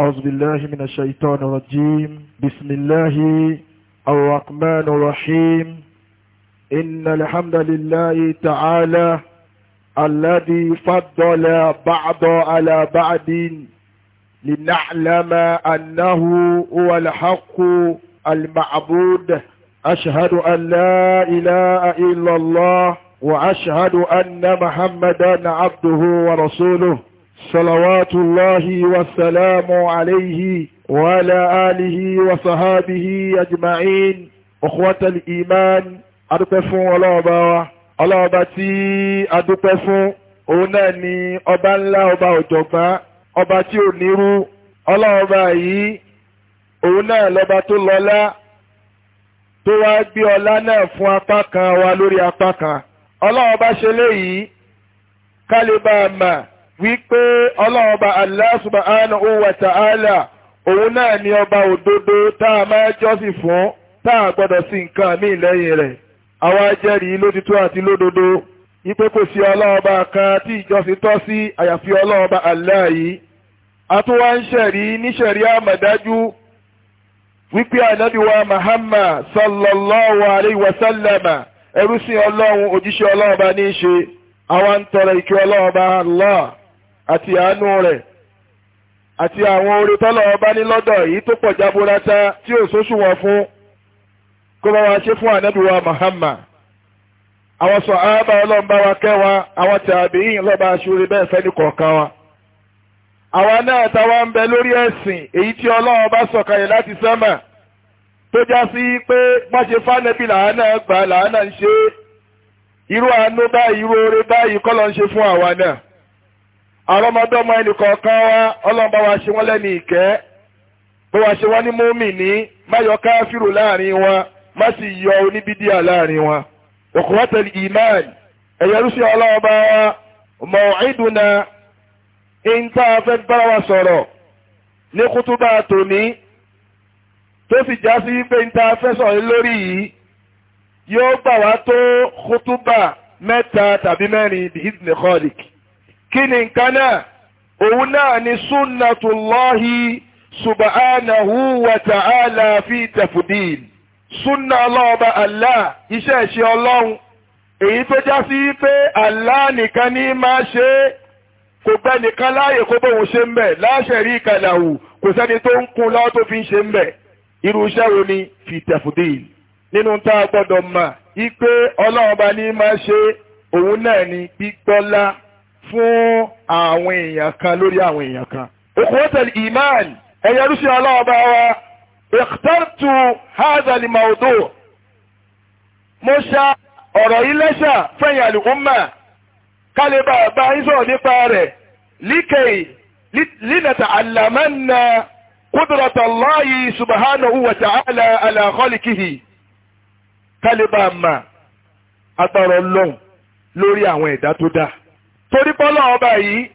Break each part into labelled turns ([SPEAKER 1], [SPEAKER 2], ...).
[SPEAKER 1] أعوذ بالله من الشيطان الرجيم بسم الله الرحمن الرحيم إن الحمد لله تعالى الذي فضل بعض على بعض لنعلم أنه هو الحق المعبود أشهد أن لا إله إلا الله وأشهد أن محمدا عبده ورسوله صلوات الله والسلام عليه وعلى آله وصحابه أجمعين أخوة الإيمان أدوكفون ولا أبا ولا أبا تي أدوكفون ọ̀nà ni ọba ńlá ọba ọ̀jọ̀gbọ́n ọba tí ò nírú ọlọ́ọba yìí òun náà lọ́ba tó lọ́lá tó wá gbé ọlá náà fún apá kan wa lórí apá kan ọlọ́ọba ṣe léyìí ká lè bá a mà wípé ọlọọba Allah subhanahu wa ta'ala òun náà ni ọba òdodo tá a máa jọ́sìn fún tá a gbọ́dọ̀ sí nǹkan míì lẹ́yìn rẹ̀ àwa jẹ́rìí lótìtọ́ àti lódodo wípé kò sí ọlọ́ọba kan tí ìjọsìn tọ́ sí àyàfi ọlọ́ọba àtúwá ń ṣẹ̀rí àmọ̀dájú wípé ànábìwá ẹrú sí ọlọ́run òjíṣẹ́ àti àánú rẹ̀ àti àwọn oore tọ́lọ̀ ọba ní lọ́dọ̀ yìí tó pọ̀ jaburata tí ò sóṣùwọ̀n fún kó bá wa ṣe fún Muhammad àwọn sọ̀hábà ọlọ́mbà wa kẹwa àwọn tàbíyìn lọ́ba bẹ́ẹ̀ fẹ́ni kọ̀ọ̀kan wa àwa náà táwa ń bẹ lórí ẹ̀sìn èyí tí Ọlọ́run bá sọ̀kalẹ̀ láti sánmà tó já sí pé bá fánẹ́bí làánà gbà làánà ń ṣe irú àánú báyìí oore báyìí ń ṣe fún àwa àrọ́mọdọ́mọ ẹnìkọ̀ọ̀kan wa ọlọ́mọba wa ṣe wọ́n lẹ́ni ìkẹ́ bó wa ṣe wọ́n ní mùmínì má yọ káfíìrù láàrin wọn má sì yọ oníbídíà láàrin wọn. òkúwọ́tẹ̀lì iman ẹ̀yẹrúsí ọlọ́mọba wa mọ̀ ìdùnnà ìńtà fẹ́ bára wa sọ̀rọ̀ ní kútúbà tòní tó sì já sí pé ìńtà fẹ́ sọ̀rọ̀ lórí yìí yóò gbà wá tó kútúbà mẹ́ta tàbí mẹ́rin bíi ìdìnnì kọ́ọ̀lìkì kí ni nǹkan náà òun náà ni sunnatullahi subhanahu wa ta'ala fi tafudil sunna ọlọ́ọba Allah iṣẹ́ ìṣe ọlọ́run èyí tó já sí pé Allah nìkan ní máa ṣe é kò gbẹ́ nìkan láàyè kó bóun ṣe ń bẹ̀ la sharika lahu kò sẹ́ni tó ń kun lọ́wọ́ tó fi ń ṣe ń bẹ̀ irú iṣẹ́ wo ni fi tafudil nínú tá a gbọ́dọ̀ mà í pé ní máa ṣe òun náà ni gbígbọ́lá fún àwọn èèyàn kan lórí àwọn èèyàn kan. Ikhwatal iman ẹ̀yẹ rúṣì ọlọ́ọ̀bá wa ikhtartu hadha al-mawdu' mo ṣa ọ̀rọ̀ yìí lẹ́ṣà fẹ̀yìn àlùkùnmà kálíbà bá ń sọ̀rọ̀ nípa rẹ̀ líkèé línàtà àlàmánà qudrata Allahi subhanahu wa ta'ala ala khaliqihi kálíbà mà agbára ọlọ́run lórí àwọn ẹ̀dá tó dáa. torí bọ́lá ọba yìí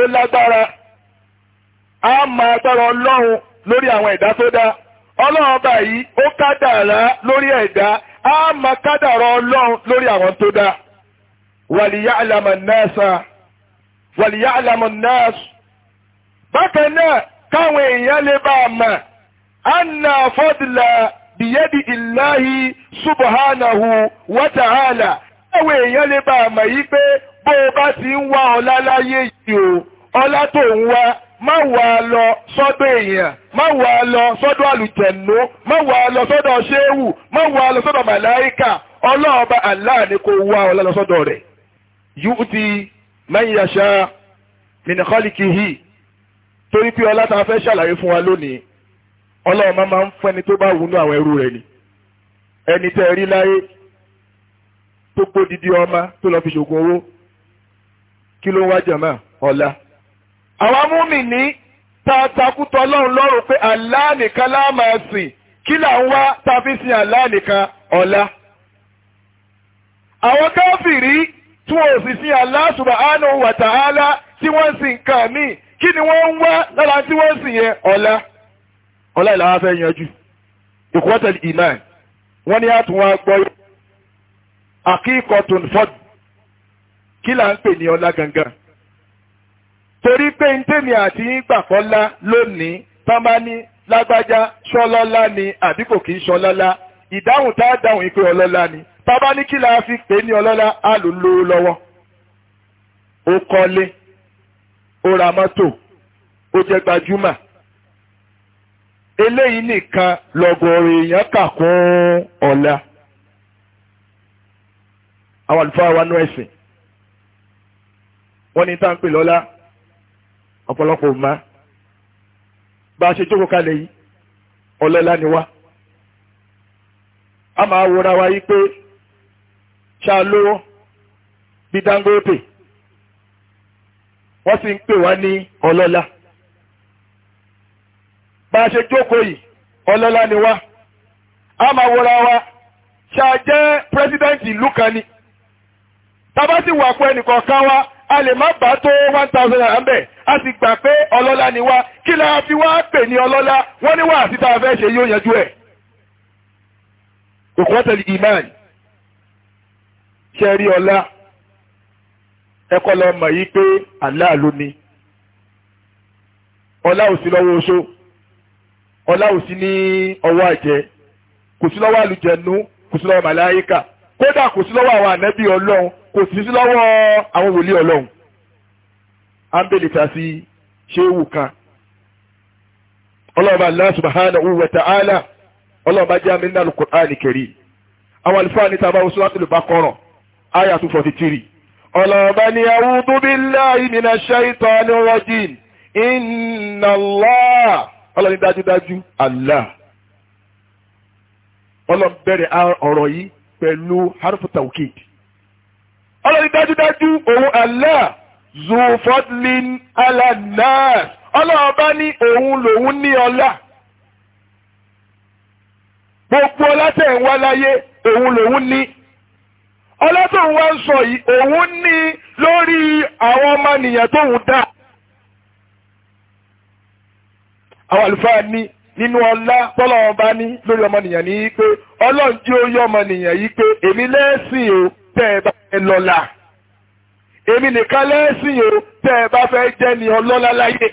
[SPEAKER 1] ó lágbára a máa gbára ọlọ́run lórí àwọn ẹ̀dá tó dá ọlọ́run ọba yìí ó kádàrá lórí ẹ̀dá a máa kádàrá ọlọ́run lórí àwọn tó dá wàlíyá àlàmà náàsà wàlíyá àlàmà náàsù bákan náà káwọn èèyàn lè bá a mọ̀ anna fadla bìyẹ́dì ìláhi subhanahu wa káwọn èèyàn lè bá a mọ̀ yí pé bó o bá ti ń wá ọlá láyé yìí o ọlá tó ń wá má wà á lọ sọ́dọ̀ èèyàn má wà á lọ sọ́dọ̀ àlùjẹ̀nú má wà á lọ sọ́dọ̀ ṣéwù má wà á lọ sọ́dọ̀ màláìkà ọlọ́ọ̀ba Allah ni kò wá ọlá lọ sọ́dọ̀ rẹ̀ yóò ti man yasha min khaliqihi torí pé ọlá tá a fẹ́ ṣàlàyé fún wa lónìí ọlọ́run máa ń fún tó bá wù àwọn ẹrú rẹ̀ ni ẹni tẹ́ rí láyé tó gbódìdí ọmọ tó lọ fi ṣògùn owó kí ló wá jẹ̀mọ́ ọ̀la. àwa múmi ní tààtakùtọ̀ ọlọ́run lọ́rùn pé Allah nìkan la máa sìn kí là ń wá tá a Allah nìkan ọ̀la. àwọn káfìrí tí wọn ò sì sin Allah subhanahu wa ta'ala tí wọ́n sin nǹkan míì kí ni wọ́n ń wá lára tí wọ́n sìn yẹn ọ̀la. ọ̀la ìlànà fẹ́ yanjú ìkọ́tẹ̀lì ìmáà wọ́n ní àtúnwá gbọ́ àkíkọ̀tún fọ́dù kí là ń pè ní ọlá gangan torí pé ń tèmi àti yín gbàkọ́lá lónìí tán bá ní lágbájá ṣọlọ́lá ni àbí kò kì í ṣọlọ́lá ìdáhùn tá a dáhùn yìí pé ọlọ́lá ni tá a bá ní kí la fi pè ní ọlọ́lá á lò lówó lọ́wọ́ ó kọ́lé ó ra mọ́tò ó jẹ́ gbajúmọ̀ eléyìí nìkan lọ́gọ̀ọ̀rọ̀ èèyàn kà kún ọlá àwọn àlùfáà wa nú ẹ̀sìn wọ́n ní tá ń pè lọ́lá ọ̀pọ̀lọpọ̀ má bá a ṣe jókòó kalẹ̀ yìí ọlọ́lá ni wá a máa wòra wa yí pé ṣá lówó bí Dangote wọ́n sì ń pè wá ní ọlọ́lá bá a ṣe jókòó yìí ọlọ́lá ni wá a máa wòra wa ṣá jẹ́ pírẹ́sídẹ́ǹtì ìlú kan ni tá a bá sì wà wa a lè má bá tó one thousand naira mbẹ̀ a sì gbà pé ọlọ́lá ni wá kí la fi wá pè ní ọlọ́lá wọ́n ní wàásù tá a fẹ́ ṣe yóò yanjú ẹ̀. òkúntẹ̀lì iman ṣe rí ọlá ẹ̀kọ́ lọ mọ̀ yí pé Allah ló ni ọlá ò sí lọ́wọ́ oṣó ọlá ò sí ní ọwọ́ àjẹ́ kò sí lọ́wọ́ àlùjẹ̀nu kò sí lọ́wọ́ màláyíkà kódà kò sí lọ́wọ́ àwọn ànábì ọlọ́run kò sí sí lọ́wọ́ àwọn wòlíì ọlọ́run ámbélé ta sí ṣéwù kan ọlọ́ọ̀bá Allah subhanahu wa ta'ala ọlọ́ọ̀bá jẹ́ àmì nínú Al-Qur'ani Karim àwọn àlùfáà ní tàbá Suratul Baqarah àyà two forty three ọlọ́ọ̀bá ni a'udhu billahi minash shaitani rajim inna Allah ọlọ́ni dájúdájú Allah ọlọ́ọ̀bẹ̀rẹ̀ ọ̀rọ̀ yìí pẹ̀lú harfu tawkid ọlọ́ni dájúdájú òun Allah zufodlin alanas ọlọ́run bá ní òun lòun ní ọlá gbogbo ọlá tẹ̀ ń wá láyé òun lòun ní ọlá tó ń wá ń sọ yìí òun ní lórí àwọn ọmọnìyàn tóun dá. àwọn àlùfáà ní nínú ọlá tọ́lọ́run ní lórí ọmọnìyàn ní yí pé ọlọ́run jí ó yọ ọmọnìyàn yí pé èmi lẹ́sìn o tẹ́ ẹ bá fẹ́ lọ́lá èmi nìkan lẹ́sìn o tẹ́ ẹ bá fẹ́ jẹ́ ni ọlọ́lá láyé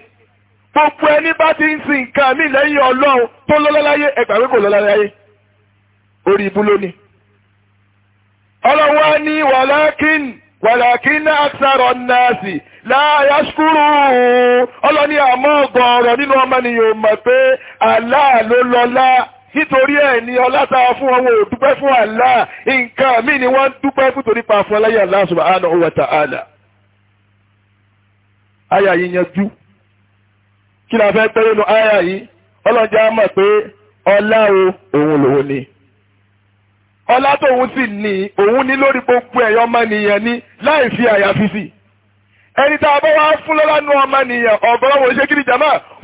[SPEAKER 1] gbogbo ẹni bá ti ń sin nǹkan mi lẹ́yìn ọlọ́run tó lọ́lá láyé ẹgbàá pé kò lọ́lá láyé orí ibú lónìí. ọlọ́run wá ní wàlákìn wàlákìn àtàrọ̀ nàásì láàyà ṣúkúrú ọlọ́ni àmọ́ ọgọ́rọ̀ nínú ọmọnìyàn mọ̀ pé Allah ló lọ́lá. nítorí ẹ̀ ni ọlá fún wọn ò fún nǹkan ni wọ́n dúpẹ́ fún torí pa fún ọláyà Allah subhanahu wa ta'ala. àyà yìí yanjú kí la fẹ́ pé nínú àyà yìí ọlọ́jà mọ̀ pé ọlá o òun lòun ni ọlá tóun sì ní òun ní lórí gbogbo ẹ̀yọ́ ni láì fi aya fis. ẹni tá a bá wá fún lọ́lá jamaa ọmọ nìyẹn ọ̀bọ̀rọ̀ wò ṣe kí ni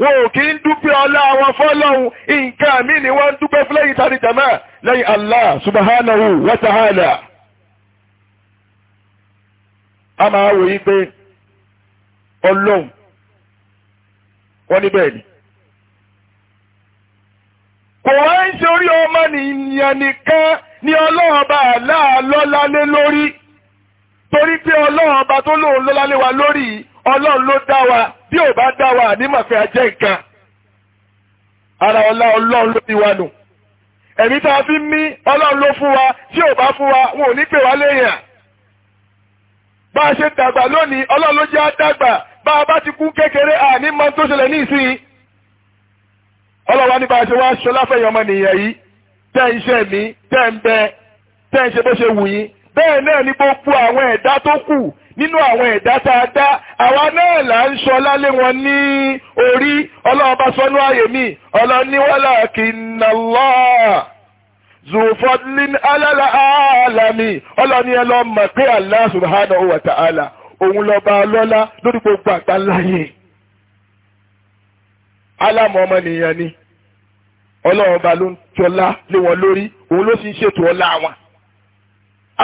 [SPEAKER 1] wọn ò kí ń dúpẹ́ ọlá wọn ni wọ́n ń dúpẹ́ fún lẹ́yìn tani lẹ́yìn Allah a máa wò yí pé ọlọ́hun wọ́n ní bẹ́ẹ̀ ni. kò ń ṣe orí torí pé ọlọ́run ọba tó lóun ló lálé wa lórí ọlọ́run ló dá wa bí ò bá dá wa nímọ̀fẹ́ ajẹ́ nǹkan ara ọlá ọlọ́run ló ti wa nù ẹ̀mí tá a fi ń mí ọlọ́run ló fún wa tí ò bá fún wa wọn ò ní pè wá léèyàn bá a ṣe dàgbà lónìí ọlọ́run ló jẹ́ á dàgbà bá a bá ti kú kékeré àní mọ tó ṣẹlẹ̀ ní ìsìn ọlọ́wà ní bá a ṣe wá aṣọ láfẹ̀yìn ọmọ yìí tẹ́ ń ṣe tẹ́ ń bẹ tẹ́ ń ṣe bó ṣe wù yín bẹ́ẹ̀ náà ni gbogbo àwọn ẹ̀dá tó kù nínú àwọn ẹ̀dá tá a dá àwa náà là ń sọ lálé wọn ní orí ọlọ́run bá sọ ààyè mi ọlọ́run ní walakinna Allah zufadlin alala alami ọlọ́run ní ẹ lọ mọ̀ pé Allah subhanahu wa ta'ala òun lọ́ba lọ́lá lórí gbogbo àgbáláyé alámọ̀ ọmọnìyàn ni ọlọ́run bá ló ń tọ́lá lé wọn lórí òun ló sì ń ṣètò ọlá wọn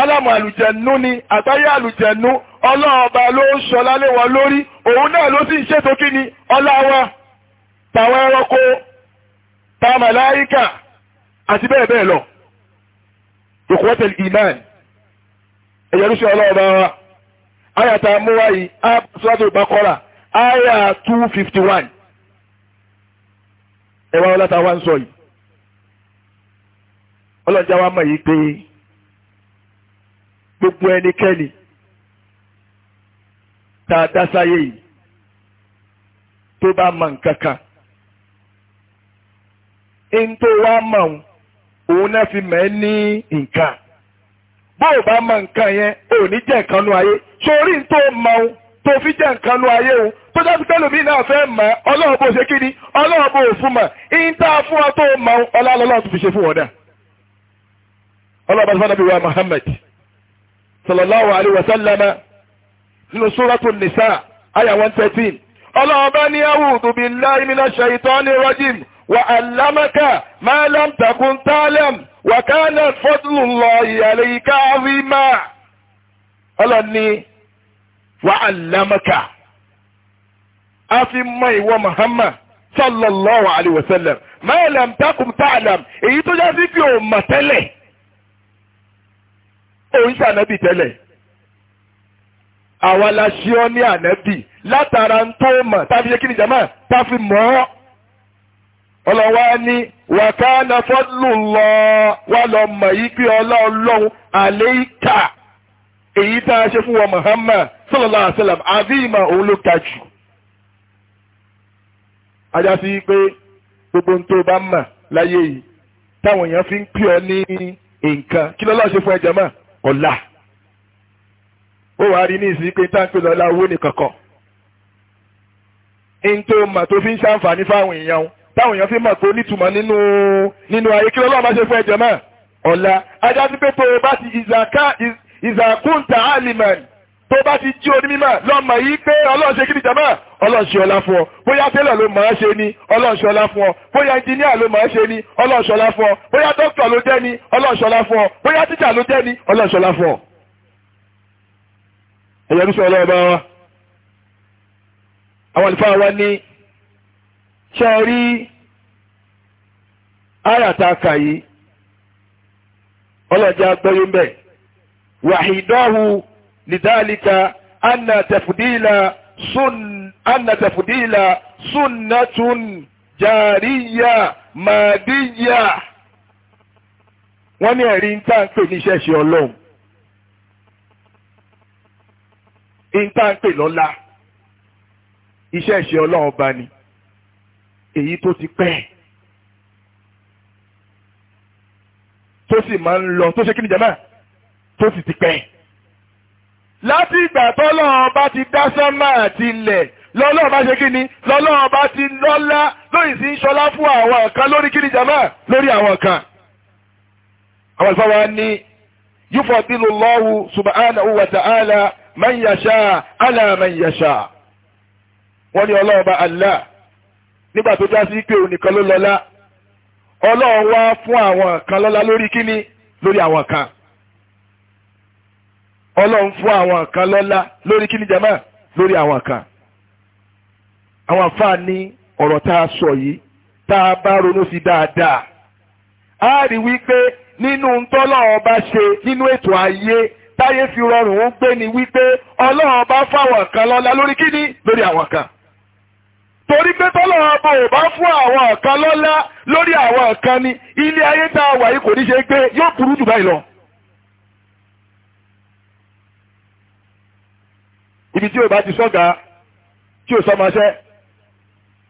[SPEAKER 1] alámọ̀ àlùjẹ̀nú ni àtàyé àlùjẹ̀nú ọlọ́ọ̀ba ló ń ṣọlá lé wọn lórí òun náà ló sì ń ṣètò kí ni ọlá wa tàwọn ẹranko ta màláíkà àti bẹ́ẹ̀ bẹ́ẹ̀ lọ ìkọ́tẹ̀lì iman ẹ̀yẹrúṣe ọlọ́ọ̀ba wa ayàtà amúwáyí abúlé ìbákọ́ra ayà 251 ẹ̀wá ọlọ́ta wa ń sọ yìí ọlọ́jà mọ̀ yìí pé gbogbo ẹnikẹ́ni tá a dá yìí tó bá mọ nǹkan kan ń tó wá mọ̀ òun náà fi mẹ́ ní o bá mọ nǹkan yẹn ò ní jẹ́ nǹkan nú ayé sórí tó tó fi jẹ́ nǹkan ayé tó dá náà fẹ́ ọlọ́run bó ṣe kí ni ọlọ́run bó fún fi ṣe fún sallallahu alayhi wa sallama nínú súrọ́tù nìsá àyà one thirteen ọlọ́ọ̀bá ní a'udhu billahi minash shaitani rajim wa allamaka ma lam takun ta'lam wa kana fadlullahi alayka azima ọlọ́ni wa allamaka a fi mọ ìwọ Muhammad sallallahu alayhi wa sallam ma lam takun èyí tó jásí fi ò mọ̀ tẹ́lẹ̀ òun ṣànẹ́bì tẹ́lẹ̀ àwa la ṣe ọ́ ní ànẹ́bì látara ń tó mọ̀ táfi ṣe kí ni jama táfi mọ́ ọ́ ọlọ́wọ́ ní wàkánà fọ́dúlù lọ wà lọ mọ̀ yí pé èyí tá a ṣe fún wọn Muhammad sallallahu alaihi wasallam àbí ìmọ̀ òun ló gbogbo ń tó bá mọ̀ láyé yìí táwọn fi ń pè ọ́ ní nǹkan kí lọ́lọ́ ṣe fún ọ̀la ó wàá rí ní ìsìn pé táǹpì lọ́la owó nìkan kan ń tó mà tó fi ń ṣàǹfààní fáwọn èèyàn táwọn èèyàn fi mọ̀ pé ó nítumọ̀ nínú nínú ayé kí lọ́lọ́ọ̀ bá ṣe fún ẹ̀jẹ̀ mọ́ ọ̀la ajá sí pé tó o bá ti ìzàkúntà alimẹ̀ni tó bá ti jí oní mímọ̀ lọ́mọ yìí pé ọlọ́ọ̀ṣẹ́ kí ni jàmọ́ ọlọ́ọ̀ṣẹ́ ọlá fún ọ bóyá tẹ́lẹ̀ ló mọ̀ ọ́ ṣe ni ọlọ́ọ̀ṣẹ́ ọlá fún ọ bóyá ẹnjìníà ló mọ̀ ọ́ ṣe ni ọlọ́ọ̀ṣẹ́ ọlá fún ọ bóyá dókítà ló jẹ́ ni ọlọ́ọ̀ṣẹ́ ọlá fún ọ bóyá tíjà ló jẹ́ ni ọlọ́ọ̀ṣẹ́ ọlá fún ọ. ẹ̀yẹ́ ń sọ ọlọ́ọ̀bá wa àwọn àlùfáà wa ní ṣe rí àyàtà kàyí ọlọ́ọ̀jà gbọ́yé mbẹ́ wàhídọ́hù lidhalika anna tafdila sun anna tafdila sunnatun jariya madiya wọ́n ní ẹ̀rí ń tàn pè ní ṣẹ́ṣe ọlọ́run ń tàn pè lọ́la iṣẹ́ ìṣe ọlọ́run ọba ni èyí tó ti pẹ́ tó sì máa ń lọ tó ṣe kí ni jàmáà tó sì ti pẹ́ láti ìgbà tọ́lọ́run bá ti dá sánmà àti ilẹ̀ lọ́lọ́run bá ṣe kí ni lọ́lọ́run bá ti lọ́lá lóyìn sí ṣọlá fún àwọn kan lórí kí ni jàmá lórí àwọn kan. àwọn ìfọwọ́ ni yufadilu Allahu subhanahu wa ta'ala man yasha ala man yasha wọ́n ní ọlọ́run bá Allah nígbà tó já sí pé òun nìkan ló lọ́lá ọlọ́run wá fún àwọn kan lọ́lá lórí kíni lórí àwọn kan ọlọ́run fún àwọn kan lọ́lá lórí kí jama lórí àwọn kan àwọn àfáà ní ọ̀rọ̀ tá a sọ yìí tá a bá ronú sí dáadáa a rí wípé nínú ntọ́lọ́ ọba ṣe nínú ètò ayé táyé fi rọrùn ó gbé ni wípé ọlọ́run ọba fáwọn kan lọ́lá lórí kí ni lórí àwọn kan torí pé tọ́lọ́run ọba ò bá fún àwọn kan lọ́lá lórí àwọn kan ni ilé ayé tá a wà yìí kò ní ṣe gbé yóò burú jù báyìí lọ. ibi tí o bá ti sọ́ga tí o sọ máa ṣẹ́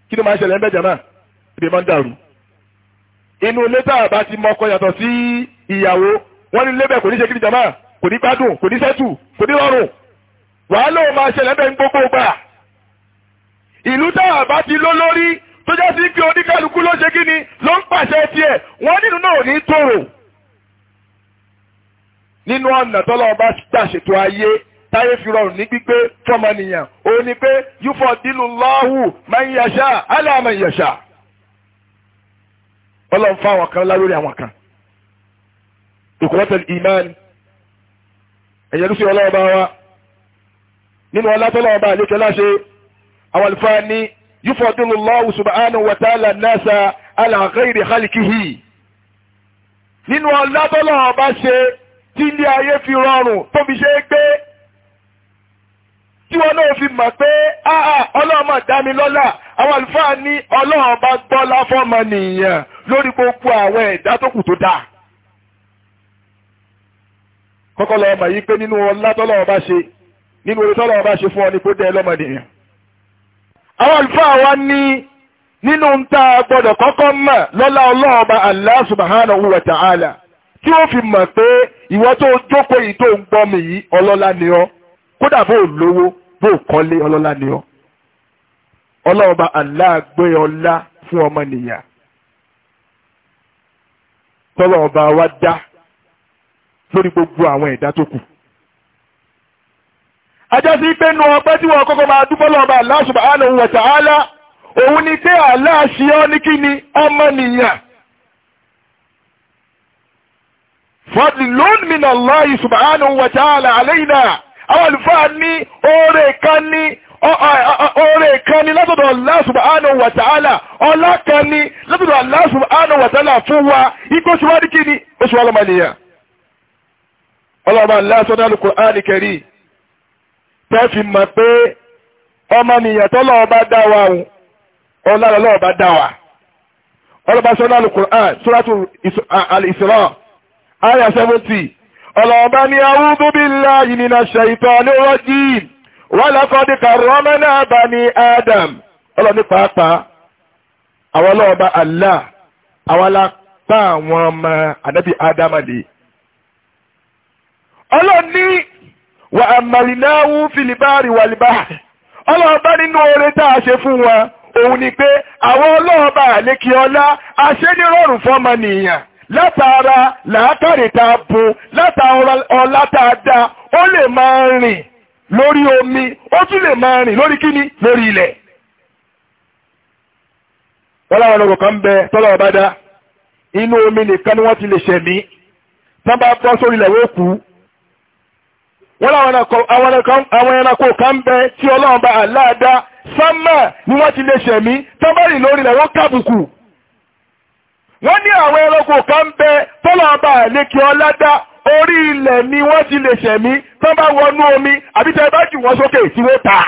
[SPEAKER 1] kí ló máa ṣẹlẹ̀ ń bẹ̀ jàmá ibi máa ń dàrú. inú ilé tá a bá ti mọ ọkọ yàtọ̀ sí ìyàwó wọ́n ní lébẹ̀ kò ní ṣe kí ni jàmá kò ní gbádùn kò ní sẹ́tù kò ní rọrùn wàhálà ò máa ṣẹlẹ̀ ń ń gbogbo gbà. ìlú tá a bá ti ló lórí tó jẹ́ sí pé oníkálukú ló ṣe kí ni ló ń pàṣẹ tiẹ̀ wọ́n nínú náà ò ní tòrò nínú ọ̀nà tọ́lọ́ táyé fi rọrùn ní gbígbé fọmọnìyàn ó ní pé yúfọ dínú lọ́hùn máa ń yàṣà aláàmà yàṣà ọlọ́run fún àwọn kan lórí àwọn kan ìkọ́tẹ̀ ìmáàni ẹ̀yẹ́ lùsí ọlọ́run bá wa nínú ọlátọ́lọ́run bá àlékẹ́ láṣẹ àwọn àlùfáà ní yúfọ dínú lọ́hùn subhanahu wa ta'ala nasa ala nínú ọlátọ́lọ́run ṣe tí ilé ayé fi rọrùn tó ṣe é gbé tí wọn náà fi mọ̀ pé ah, ah, ọlọ́mọ dámi lọ́lá àwọn àlùfáà ní ọlọ́run gbọ́lá fọ́mọ nìyẹn lórí gbogbo àwọn ẹ̀dá tó kù tó dáa. kọ́kọ́ lọ́wọ́ mọ̀ yí pé nínú ọlá fún ọ ní kó dẹ́ nìyẹn. àwọn àlùfáà wa nínú ń a tí ó fi mọ̀ kódà bó lówó bó kọ́lé ọlọ́lá ni ọ ọlọ́ọ̀ba aláàgbé ọlá fún ọmọnìyàn tọ́lọ̀ ọba wa dá lórí gbogbo àwọn ẹ̀dá tó kù. ajásí pé nu tí wọ́n kọ́kọ́ máa dúpọ́ òun ni pé ọ́ ní kí ni ọmọnìyàn. fadlun min Allah subhanahu àwọn àlùfáà ní kan ní oore kan ní látọ̀dọ̀ wa ọlá kan ní látọ̀dọ̀ Allah subhanahu wa fún wa igbó ṣíwájú kí ni oṣù ọlọ́mọnìyàn ọlọ́mọ aláṣọ́nà al-Qur'an tẹ́fì mọ̀ pé tọ́lọ́ ọba dá wa ọlọ́rọ̀ lọ́ọ̀bá dá ọlọ́ọ̀bá ní awúdú billahi minash shaitani rajim walaqad karramna bani Adam ọlọ́ọ̀ní pàápàá àwọn ọlọ́ọ̀bá Allah àwọn alápá àwọn ọmọ ànábì Adam lè. ọlọ́ọ̀ní wà àmàlìnáwó fìlìbárì wàlìbáà ọlọ́ọ̀bá nínú oore tá a ṣe fún wọn òun ni pé àwọn ọlọ́ọ̀bá àlékè ọlá àṣẹ nírọ̀rùn fọ́mọnìyàn látara làákàrètà bùn látara ọlátàdá ó lè máa rìn lórí omi ó tún lè máa rìn lórí kíni lórí ilẹ̀. wọ́n láwọn ọlọ́rọ̀ kan bẹ tọ́lọ́ ọba dá inú omi nìkan ni wọ́n ti lè ṣẹ̀mí tán bá bọ́ sórí ilẹ̀ wọ́n kú. wọ́n láwọn ẹranko kan bẹ tí ọlọ́run bá àláàdá sánmà ni wọ́n ti lè ṣẹ̀mí tán bá ilẹ̀ wọ́n kábùkù. wọ́n ní àwọn ẹranko kan ń bẹ tọ́lọ́ọ̀bà lékè ọládá orí ilẹ̀ ni wọ́n ti lè ṣẹ̀mí tán bá wọnú omi àbí tẹ́ bá jù wọ́n sókè tí wọ́n ta.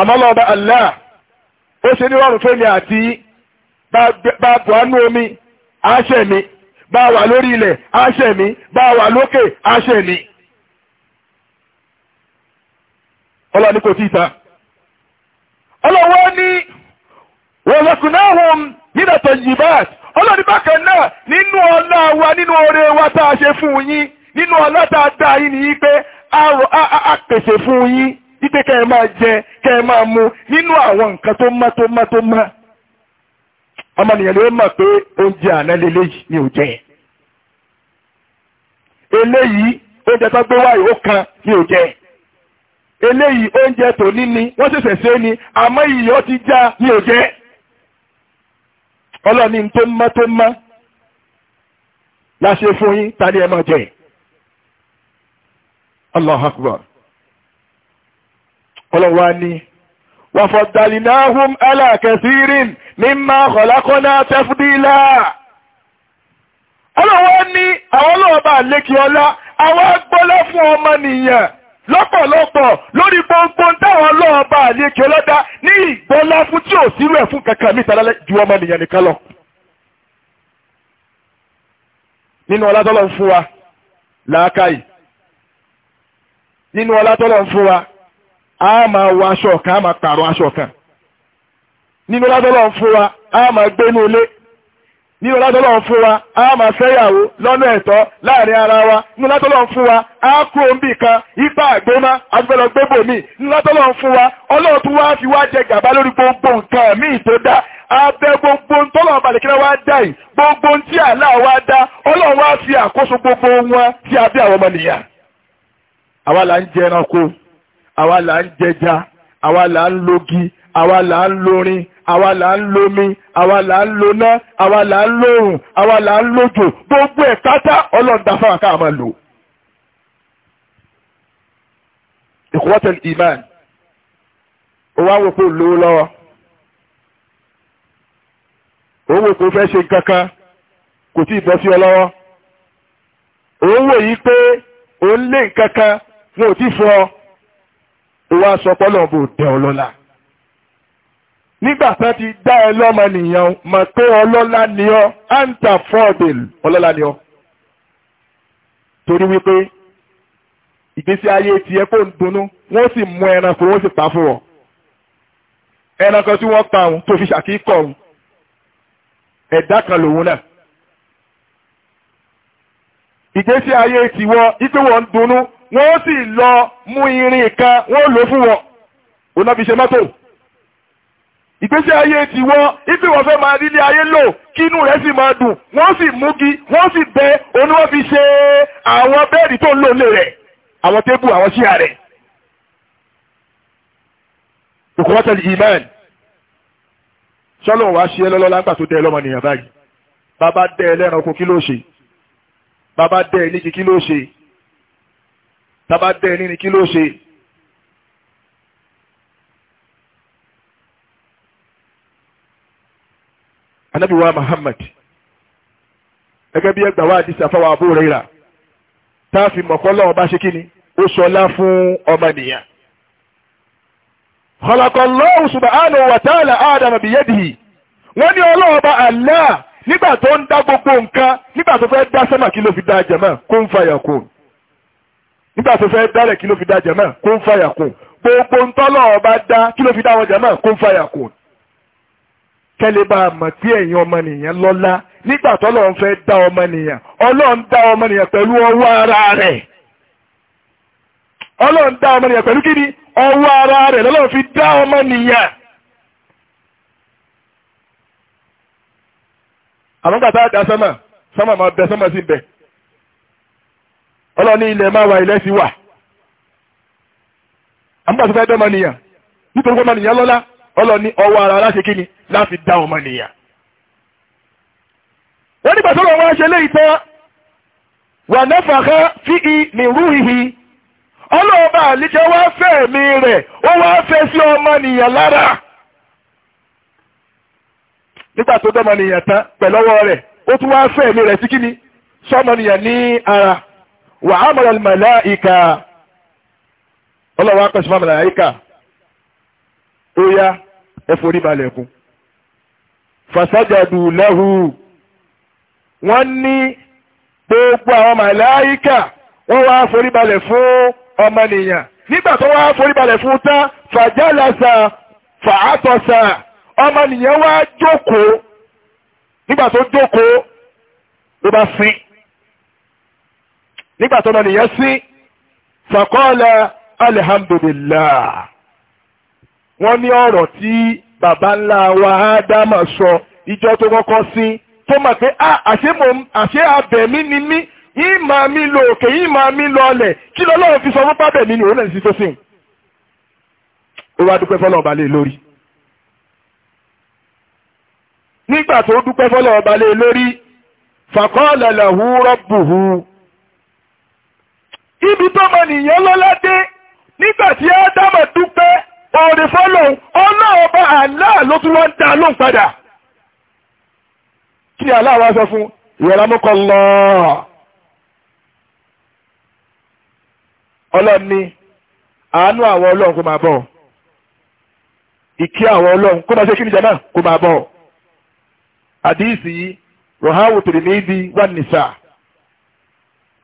[SPEAKER 1] àmọ́ lọ́ọ̀bà Allah ó ṣe ní rọrùn fẹ́mi àti bá bọ̀ ánú omi àṣẹ̀mí bá wà lórí ilẹ̀ àṣẹ̀mí bá wà lókè àṣẹ̀mí. ọlọ́ni kò tí ì ta. ọlọ́wọ́ ní wọ́n lọ́kùnrin náà nílẹ̀ tọ̀yìnbáàt ọlọ́ni bákan náà nínú ọlá wa nínú oore wa tá a ṣe fún yín nínú ọlá tá a dá yín ni pé a pèsè fún yín títí kẹ́ ẹ máa jẹ kẹ́ ẹ máa mu nínú àwọn nǹkan tó mọ́ tó mọ́ tó mọ́ ọmọnìyàn ló mọ̀ pé oúnjẹ àná lélẹ́yìí ni ò jẹ eléyìí oúnjẹ tó gbé wáyé ó kan ni ò jẹ eléyìí oúnjẹ tòní ni wọ́n ṣẹ̀ṣẹ̀ ṣe ni àmọ́ ìyọ́ ti já ni ò jẹ. ọlọ́ni tó mọ́ tó mọ́ láṣẹ fún yín ta ni ẹ máa jẹ Allahu Akbar ọlọ́wà ni wàfọ̀dàlínáhùn alákẹ̀sírin mímá khalaqna tafdílà ọlọ́wà ni àwọn ọlọ́ọ̀bà lékè àwọn agbọ́lá fún ọmọ nìyàn lọ́pọ̀lọpọ̀ lórí gbogbo táwọn ọlọ́ọ̀bá àlékè ọlọ́dá ní ìgbọ́lá fún tí ò sírú ẹ̀ fún kankan mi ìtàlálẹ̀ ju ọmọ nìyẹn nìkan lọ. nínú ọlátọ́lọ́ ń fún wa làákàyè nínú ọlátọ́lọ́ ń fún wa a máa wọ aṣọ kan a máa pààrọ̀ aṣọ kan nínú ọlátọ́lọ́ ń fún wa a máa gbénú ilé ní ọlátọ́lọ́ fún wa a máa fẹ́yàwó lọ́nà ẹ̀tọ́ láàrin ara wa ní ọlátọ́lọ́ fún wa a kú omi kan ipa àgbóná agbẹ́lọ gbébò mi ní ọlátọ́lọ́ fún wa ọlọ́run tún wá fi wá jẹ gàba lórí gbogbo nǹkan míì tó dá abẹ gbogbo tọ́lọ̀ balẹ̀kẹ́lẹ́ wá dá yìí gbogbo tí àlá wá dá ọlọ́run wá fi àkóso gbogbo wọn sí abẹ́ àwọn ọmọnìyàn. àwa là ń jẹ ẹranko àwa là ń jẹja àwa là ń logi àwa là ń lorin àwa là ń lomi àwa là ń loná àwa là ń lòrùn àwa là ń lòjò gbogbo ẹ̀ pátá ọlọ́ọ̀dà fáwọn ká máa lò. ìkọ́tẹ̀lì iman ó wá wò pé ó lówó lọ́wọ́ ó wò pé ó fẹ́ ṣe nǹkan kan kò tí ì bọ́ sí ọ lọ́wọ́ òun wò yí pé òun lé nǹkan wọn ò tí fọ ọ wá sọ pé bò dẹ ọ lọ́la nígbà tán ti dá ẹ lọ́mọ nìyẹn mọ̀ pé ọlọ́lá ni ọ́ anta fọ́ọ̀dìl ọlọ́lá ni ọ́. torí wípé ìgbésí ayé tiẹ̀ kò ń dunnú wọ́n sì mú ẹranko wọ́n sì pa fún ọ. ẹranko tí wọ́n pa òun tó fi ṣàkíkọ̀ òun ẹ̀dá kan lòun náà. ìgbésí ayé tiwọ́ ipe wọ́n ń dunnú wọ́n sì lọ mú irin kan wọ́n lò fún wọn. òun mọ́tò ìgbésí ayé ti wọ́n ibi wọ́n fẹ́ máa nílé ayé lò kí inú rẹ̀ sì máa dùn wọ́n sì múgi wọ́n sì bẹ òun wọ́n fi ṣe àwọn bẹ́ẹ̀dì tó ń lò lè rẹ̀ àwọn tébù àwọn síyà rẹ̀. ìkọ́wọ́tẹ̀ iman sọ́lọ́ wa ṣe é lọ́lọ́ lágbà tó dẹ́ lọ́mọnìyàn báyìí bàbá dẹ́ ẹ lẹ́ranko kí ló ṣe bàbá dẹ́ ẹ nígi kí ló ṣe bàbá dẹ́ ẹ níni kí ló ṣe. anabi wa muhammad gẹ́gẹ́ bí ẹgbàá wa àdìsí àfáwà Abu Huraira tá a fi mọ̀kọ́ lọ́wọ́ bá ṣe kíni ó sọlá fún ọmọnìyàn. Khalaqallahu subhanahu wa ta'ala Adama biyadihi. Wọ́n ní Ọlọ́run bá Allah nígbà tó ń dá gbogbo nǹkan nígbà tó fẹ́ dá sẹ́mà kí ló fi dá jẹ̀mọ́ kun fayakun. Nígbà tó fẹ́ dálẹ̀ kí ló fi dá jẹ̀mọ́ kun fayakun. Gbogbo ntọ́lọ́wọ́ dá kí ló fi dá wọn jẹ̀mọ́ kun fayakun. kẹ́lẹ́bà mọ̀ pé ẹ̀yìn ọmọnìyàn lọ́lá nígbà tọ́lọ́run fẹ́ dá ọmọnìyàn ọlọ́run dá ọmọnìyàn pẹ̀lú ọwọ́ ara rẹ̀ ọlọ́run dá ọmọnìyàn pẹ̀lú kí ni ọwọ́ ara rẹ̀ lọ́lọ́run fi dá ọmọnìyàn. àwọn kàtà sọ́mà sọ́mà máa bẹ sọ́mà sí ọlọ́run ní ilẹ̀ máa wà ilẹ̀ sí wà ọlọ́ni ọwọ́ ara láti kí ni láti dá ọmọ nìyà. wọ́n nígbà tó lọ́wọ́ ṣe léyìí tán wà nẹ́fàá fi i ní rúhihi ọlọ́ọ̀bá àlíjẹ́ wá fẹ́ mi rẹ̀ ó wá fẹ́ sí ọmọ nìyà lára. nígbà tó dọ́mọ nìyà tán pẹ̀lọ́wọ́ rẹ̀ ó tún wá fẹ́ mi rẹ̀ sí kí ni sọmọ nìyà ní ara wà á mọ̀lẹ́ màláíkà ọlọ́wọ́ akọ̀ṣùmọ̀ màláíkà ó yá ẹ forí balẹ̀ fún. fasajadu lahu wọ́n ní gbogbo àwọn màláíkà wọ́n wá forí balẹ̀ fún ọmọnìyàn nígbà tó wá forí balẹ̀ fún tán fàjálàsà fàátọ̀sà ọmọnìyàn wá jókòó nígbà tó jókòó ló bá sín nígbà tó ọmọnìyàn sín fàkọ́ọ̀lá alhamdulillah wọ́n ní ọ̀rọ̀ tí bàbá ńlá wa ádámà sọ ìjọ tó kọ́kọ́ sí tó mọ̀ pé àṣé abẹ̀mí ni mí yìí máa mi lọ òkè yìí máa mi lọ ọlẹ̀ kí lọ́lọ́run fi sọ fún bábẹ̀mí ni òun náà sì tó sìn. ó wá dúpẹ́ fọlọ́ ọba lé e lórí. nígbà tó dúpẹ́ fọlọ́ ọba lé e lórí faqala lahu rabbuhu. ibi tó mọ nìyẹn lọ́lá dé nígbà tí ádámà dúpẹ́ oore fọ́lọ́hun ọlá ọba Allah ló tún wọ́n dá lóhùn padà kí Allah wá sọ fún ìwọ̀lámúkọ lọ ọlọ́ni àánú àwọn ọlọ́run kó máa bọ̀ ìkí àwọn ọlọ́run kó máa ṣe kí ni jẹ́nà kó máa bọ̀ àdíìsì yìí rọ̀háwù tìrìmìdì wà nìsà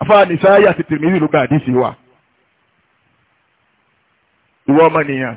[SPEAKER 1] afáà nìsà yà sí tìrìmìdì ló gba àdíìsì wa ìwọ ọmọnìyàn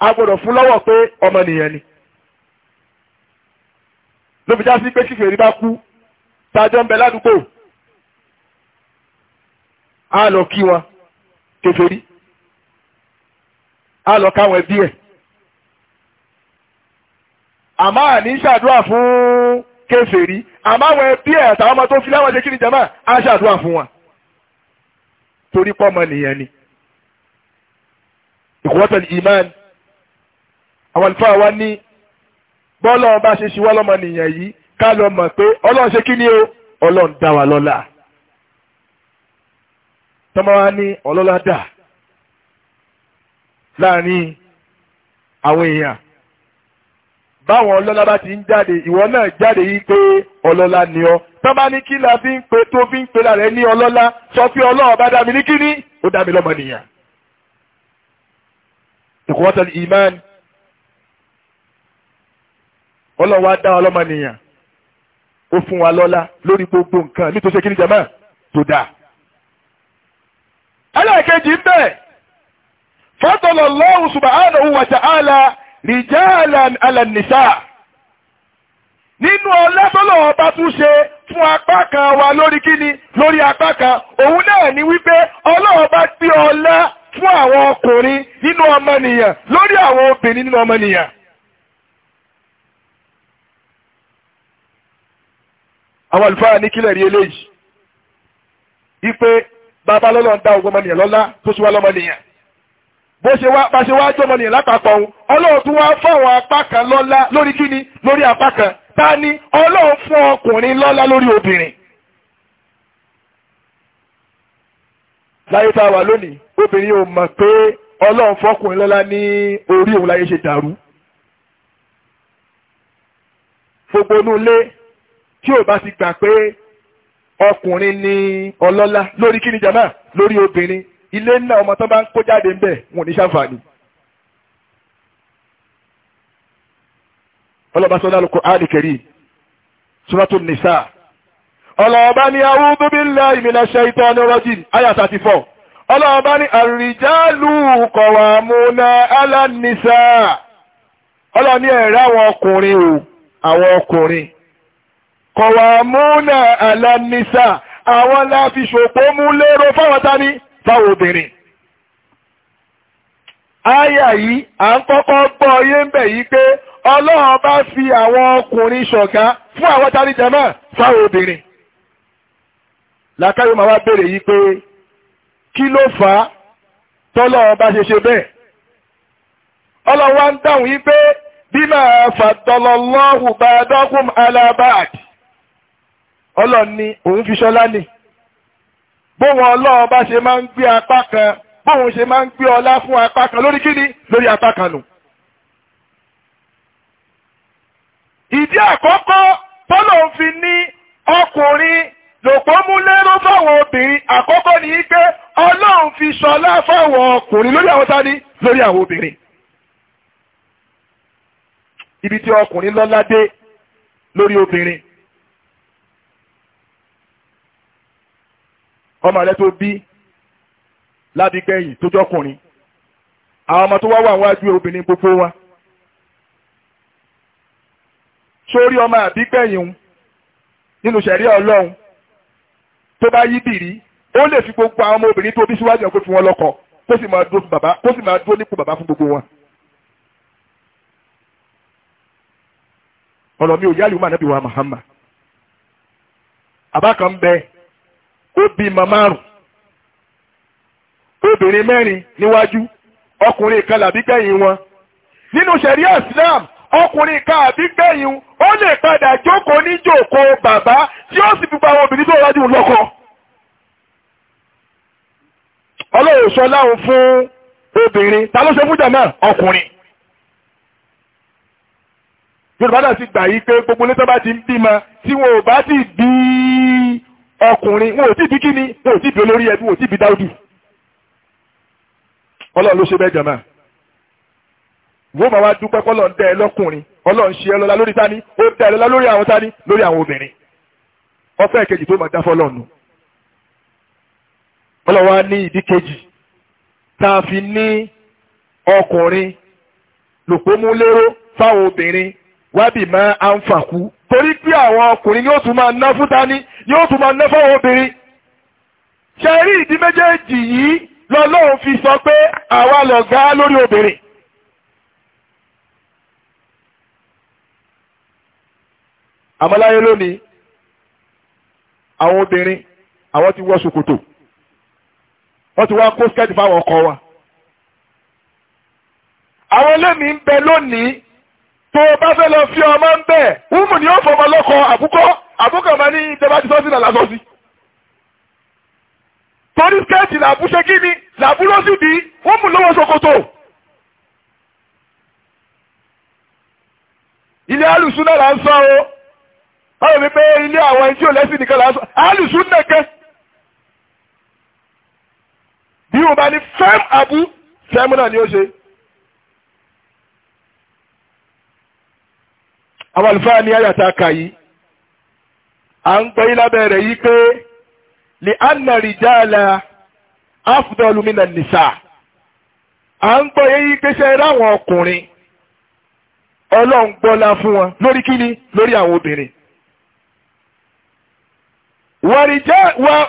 [SPEAKER 1] a gbọ́dọ̀ fún lọ́wọ́ pé ọmọnìyàn ni ló fi já sí pé kíkèrè bá kú tájọ́ ń bẹ ládùúgbò a lọ kí wọn kèfèrí a lọ káwọn ẹbí ẹ̀ àmọ́ àní ṣàdúrà fún kèfèrí àmọ́ àwọn ẹbí ẹ̀ àtàwọn ọmọ tó fi láwọn ṣe kí ni jẹ́mọ́ á ṣàdúrà fún wọn torí pọ́mọ nìyẹn ni ìkọ́tẹ̀lì imán àwọn àlùfáà wa ní bọ́ọ̀lù ọba ṣe ṣe wá lọ́mọnìyàn yìí ká lọ mọ̀ pé ọlọ́run ṣe kí ni o ọlọ́run dá wa lọ́lá tọ́mọ wa ní ọlọ́lá dà láàrin àwọn èèyàn báwọn ọlọ́lá bá ti ń jáde ìwọ náà jáde yìí pé ọlọ́lá ni ọ tán bá ní kí la fi ń pe tó fi ń pe lára ẹ ní ọlọ́lá sọ pé ọlọ́run bá dá mi ní kíní ó dá mi lọ́mọ nìyàn. ìkọ́wọ́tà ìmáàni ọlọ́run á dá wa lọ́mọnìyàn ó fún wa lọ́lá lórí gbogbo nǹkan nítorí kí ni jẹ́mọ́ tó dà. ẹlẹ́ẹ̀kejì ń bẹ̀ fọ́tọ̀lọ̀ lọ́hùn subhanahu wa ta'ala rijalan ala nisa nínú ọlẹ́tọ́lọ̀ ọba tún ṣe fún apá kan wa lórí kíni lórí apá kan òun náà ni wípé ọlọ́ọba gbé ọlá fún àwọn ọkùnrin nínú ọmọnìyàn lórí àwọn obìnrin nínú ọmọnìyàn àwọn àlùfáà ní kílẹ̀ rí eléyìí ipe bàbá lọ́lọ́ ń dá ogun ọmọnìyàn lọ́lá tó ṣe wá lọ́mọnìyàn bó ṣe wá bá ṣe wá jọ ọmọnìyàn lápapọ̀ òun ọlọ́run tún wá fáwọn apá kan lọ́lá lórí kíni lórí apá kan ta ni ọlọ́run fún ọkùnrin lọ́lá lórí obìnrin. láyé tá a wà lónìí obìnrin ò mọ̀ pé ọlọ́run fọkùnrin lọ́lá ní orí òun láyé ṣe dàrú. gbogbo inú ilé tí ò bá ti gbà pé ọkùnrin ni ọlọ́lá lórí kí ni jama lórí obìnrin ilé náà ọmọ tó bá ń kó jáde ń bẹ̀ wọn ò ní ṣàǹfààní. ọlọ́ba sọ́dọ̀ al-Qur'an al-Karim Suratul Nisa ọlọ́ọ̀bá ni a'udhu billahi minash shaitanir rajim ayah thirty four ọlọ́ọ̀bá ni àrìjálù kọ̀wàmúnà alánìsà ọlọ́ọ̀ni ẹ̀rẹ́ àwọn ọkùnrin o àwọn ọkùnrin kọ̀wàmúnà alánnísà àwọn láfi ṣòpó mú lérò fáwọn tání fáwọn obìnrin áyà yìí à ń kọ́kọ́ gbọ́ ọyé ń bẹ̀ yìí pé ọlọ́run bá fi àwọn ọkùnrin ṣọ̀gá fún àwọn tání jẹ́mọ́ fáwọn obìnrin làkàyọ̀ máa wá béèrè yìí pé kí ló fà á tọ́lọ́run bá ṣe ṣe bẹ́ẹ̀ ọlọ́run wá ń dáhùn yìí pé bima faddala Allahu ba'dakum ala ba'd ọlọ́run ni òun fi ṣọlá ni bóun ọlọ́run bá ṣe máa ń gbé apá kan bóun ṣe máa ń gbé ọlá fún apá kan lórí kíni lórí apá kan nù. ìdí àkọ́kọ́ tọ́lọ̀ ń fi ní ọkùnrin lòpọ̀ mú lérò fáwọn obìnrin àkọ́kọ́ ni pé ọlọ́run fi ṣọlá fáwọn ọkùnrin lórí àwọn tani lórí àwọn obìnrin. ibi tí ọkùnrin lọ́ládé lórí obìnrin. ọmọ rẹ tó bí lábígbẹ̀yìn tó jọkùnrin àwọn ọmọ tó wá wà wájú obìnrin gbogbo wa sórí ọmọ àbígbẹ̀yìn nínú sẹ̀rí ọlọ́run tó bá yí bìrí ó lè fi gbogbo àwọn ọmọ obìnrin tó bí síwájú ọkọ fún wọn lọ́kọ kó sì máa dúró fún bàbá kó sì máa dúró nípò bàbá fún gbogbo wọn. ọ̀rọ̀ mi ò yá yìí ó máa nábì wa Muhammad àbá kan bẹ́ẹ̀ ó bímọ márùn obìnrin mẹ́rin níwájú ọkùnrin kan làbí gbẹ̀yìn wọn nínú ṣẹ̀ríà Islam ọkùnrin kan àbí gbẹ̀yìn ó lè padà jókòó ní jókòó bàbá tí ó sì gbogbo àwọn obìnrin tó wájú lọ́kọ. ọlọ́run sọ láwọn fún obìnrin ta ló ṣe fún jàmá ọkùnrin. yorùbá náà ti gbà yí pé gbogbo ilé tó bá ti ń bímọ tí wọn ò bá ti bí ọkùnrin wọn ò tí di kíni wọn ò tí di olórí ẹbí wọn ò tí di dáúdì ọlọ́run ló ṣe bẹ́ẹ̀ jọ̀mọ́ wọ́n máa wá dúpẹ́ kọ́lọ̀ ń dẹ́ ẹ lọ́kùnrin ọlọ́run ṣe ẹ lọ́la lórí tani ó dẹ́ ẹ lọ́la lórí àwọn tani lórí àwọn obìnrin ọfẹ́ kejì tó máa dá fọ́lọ́run ọlọ́run wá ní ìdí kejì tá a fi ní ọkùnrin lòpómú lérò fáwọn obìnrin wábì máa ń fàkú torí pé àwọn ọkùnrin yóò tún máa ná fún tani yóò tún máa ná fáwọn obìnrin ṣe rí ìdí méjèèjì yìí lọ́lọ́run fi sọ pé àwa lọ̀gá lórí obìnrin àmọ́láyé lónìí àwọn obìnrin àwọn ti wọ ṣòkòtò wọ́n ti wá kó skẹ́ẹ̀tì fáwọn ọkọ wa àwọn elémi ń bẹ lónìí tó o bá fẹ́ lọ fi ọmọ ń bẹ̀ wúmù ni ó fọmọ lọ́kọ àbúkọ́ àbúkàmá ní ìjọba ti sọ́sí làlá sọ́sí. torí skẹ́ẹ̀tì làbú ṣe kí ni làbú lọ́sí di wọ́n mú lọ́wọ́ ṣòkòtò. ilé alùsùn náà là ń sọ o báwo ni pé ilé àwọn ẹni tí ò lẹ́sìn nìkan là ń sọ alùsùn nìkan. bí wọ́n bá ní fẹ́m àbú fẹ́m náà ni ó ṣe. àwọn àlùfáà ní àyàtà kà yìí à ń gbọ́ yí lábẹ́ rẹ̀ yí pé lè anna rìjáàlà afdọ́lù minan nìsà à ń gbọ́ yí pé ṣe ráwọn ọkùnrin ọlọ́run gbọ́lá fún wọn lórí kíni lórí àwọn obìnrin.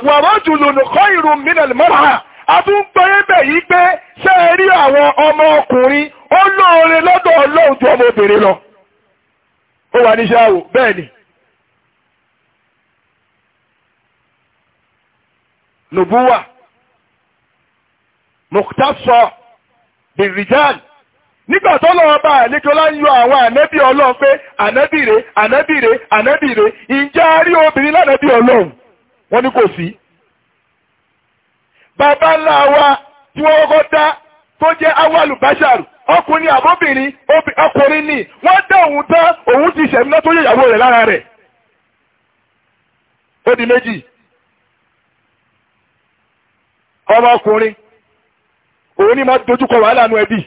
[SPEAKER 1] wàrọ́jùlùnù kọ́ ìrùn minan mọ́ra àtúntọ́yé bẹ̀ yí pé ṣé rí àwọn ọmọ ọkùnrin ó lóore lọ́dọ̀ ọlọ́run ọmọbìnrin lọ. ó wà ní ṣáà wò bẹ́ẹ̀ ni. نبوة مختصة بالرجال nígbà tó lọ́wọ́ bá àlékọ́lá ń yọ àwọn ànábì ọlọ́run pé ànábìrè ànábìrè ànábìrè ǹjẹ́ a rí obìnrin lánàbì ọlọ́run wọ́n ní kò sí. bàbá ńlá wa tí wọ́n kọ́kọ́ dá tó jẹ́ awálù báṣàrù ọkùnrin àbóbìnrin ọkùnrin ni wọ́n dá òun tán òun ti náà tó yẹ ìyàwó rẹ̀ lára rẹ̀. ó di méjì ọmọkùnrin òun ni máa dojúkọ wàhálà nu ẹbí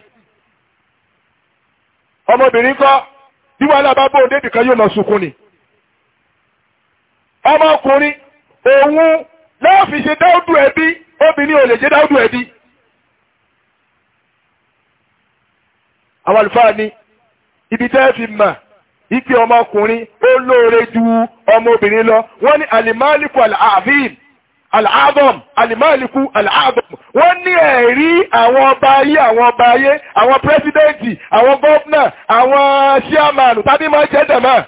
[SPEAKER 1] ọmọbìnrin kọ́ bí wàhálà bá bóun débì kan yóò lọ sunkún ni ọmọkùnrin òun láàfin ṣe dáúdù ẹbí obìnrin ò lè ṣe dáúdù ẹbí. àwọn àlùfáà ni ibi tẹ́ fi mà ike ọmọkùnrin ó lóore ju ọmọbìnrin lọ wọ́n ní àlìmáàlìkù àlàáfíìn al-A'zam al-Maliku al-A'zam wọ́n ní ẹ̀rí àwọn ọba ayé àwọn ọba ayé àwọn pírẹsidẹ́ǹtì àwọn gọ́fúnà àwọn ṣíàmánù tàbí máa jẹ́ dẹ̀mọ́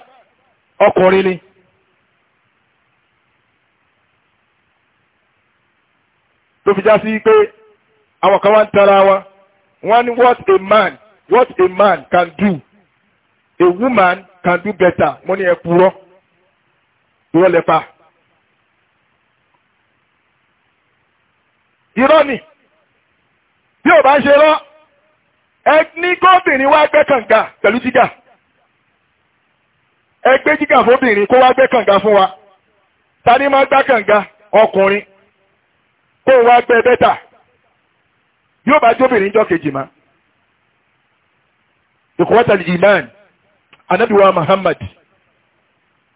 [SPEAKER 1] ọkùnrin ni. tó fi já sí pé àwọn kan wá ń tara wọn wọ́n what a man what a man can do a woman can do better mo ní ẹ purọ́ ìwọ́lẹ̀ pa. irọ́ ni bí ò bá ń ṣe rọ́ ẹ ní gómìnrin wá gbe kànga pẹ̀lú jígà ẹ gbé jígà fóbìnrin kó wá gbẹ́ kànga fún wa ta ni máa gbá kànga ọkùnrin kó wá gbẹ́ bẹ́tà yóò bá jóbìnrin jọ kejì ma ìkọ́wọ́tà ìmáàn anábìwá Muhammad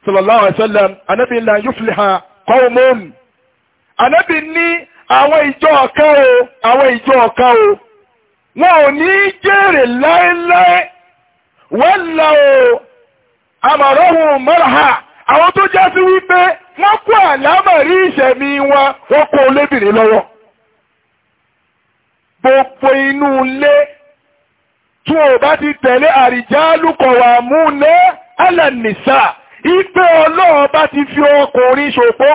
[SPEAKER 1] sallallahu alaihi wasallam anábìlá yufliha qawmun Anabi ní àwọn ìjọ ọ̀kan o àwọn ìjọ ọ̀kan o wọn ò ní jèrè láéláé wọ́n la o àmọ̀rọ́hùn mọ́ràhà àwọn tó já sí wípé wọ́n kó àlámọ̀rí ìṣẹ̀mí wọn wọ́n olébìnrin lọ́wọ́ gbogbo inú ilé tí o bá ti tẹ̀lé àrìjálùkọ̀wà múlé alẹ́nìsà ipe ọlọ́ọ̀ bá ti fi ọkùnrin ṣòpó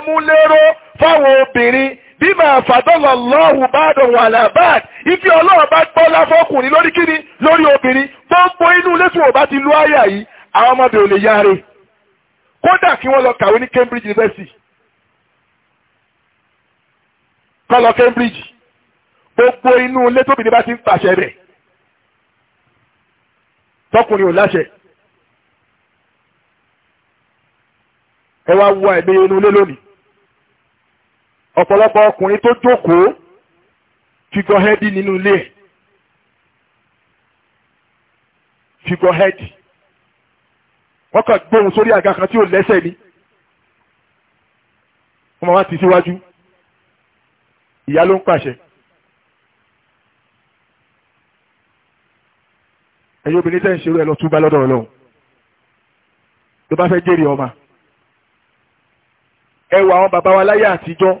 [SPEAKER 1] fáwọn bímọ àfàdọ́lọ̀ lọ́hùn bádùn wà làbáàd ife ọlọ́run bá gbọ́ láfọ́kùnrin lórí kíni lórí obìnrin gbogbo inú ilé tí wọ́n bá ti lu àyà yìí àwọn ọmọdé ò lè yáre kódà kí wọ́n lọ kàwé ní Cambridge University kọ́ lọ Cambridge gbogbo inú ilé tóbi ní bá ti ń pàṣẹ rẹ̀ tọkùnrin ò láṣẹ ẹ wá wọ àìmọye inú ilé lónìí ọ̀pọ̀lọpọ̀ ọkùnrin tó jókòó figure head nínú ilé ẹ̀ figure head wọ́n kàn gbóhùn sórí àga kan tí ò lẹ́sẹ̀ ni wọ́n máa wá ti síwájú ìyá ló ń pàṣẹ. ẹ̀yin obìnrin tẹ́ ń ṣerú ẹ̀ lọ túbá lọ́dọ̀ ọlọ́run ló bá fẹ́ jèrè ọmọ ẹwà àwọn bàbá wa láyé àtijọ́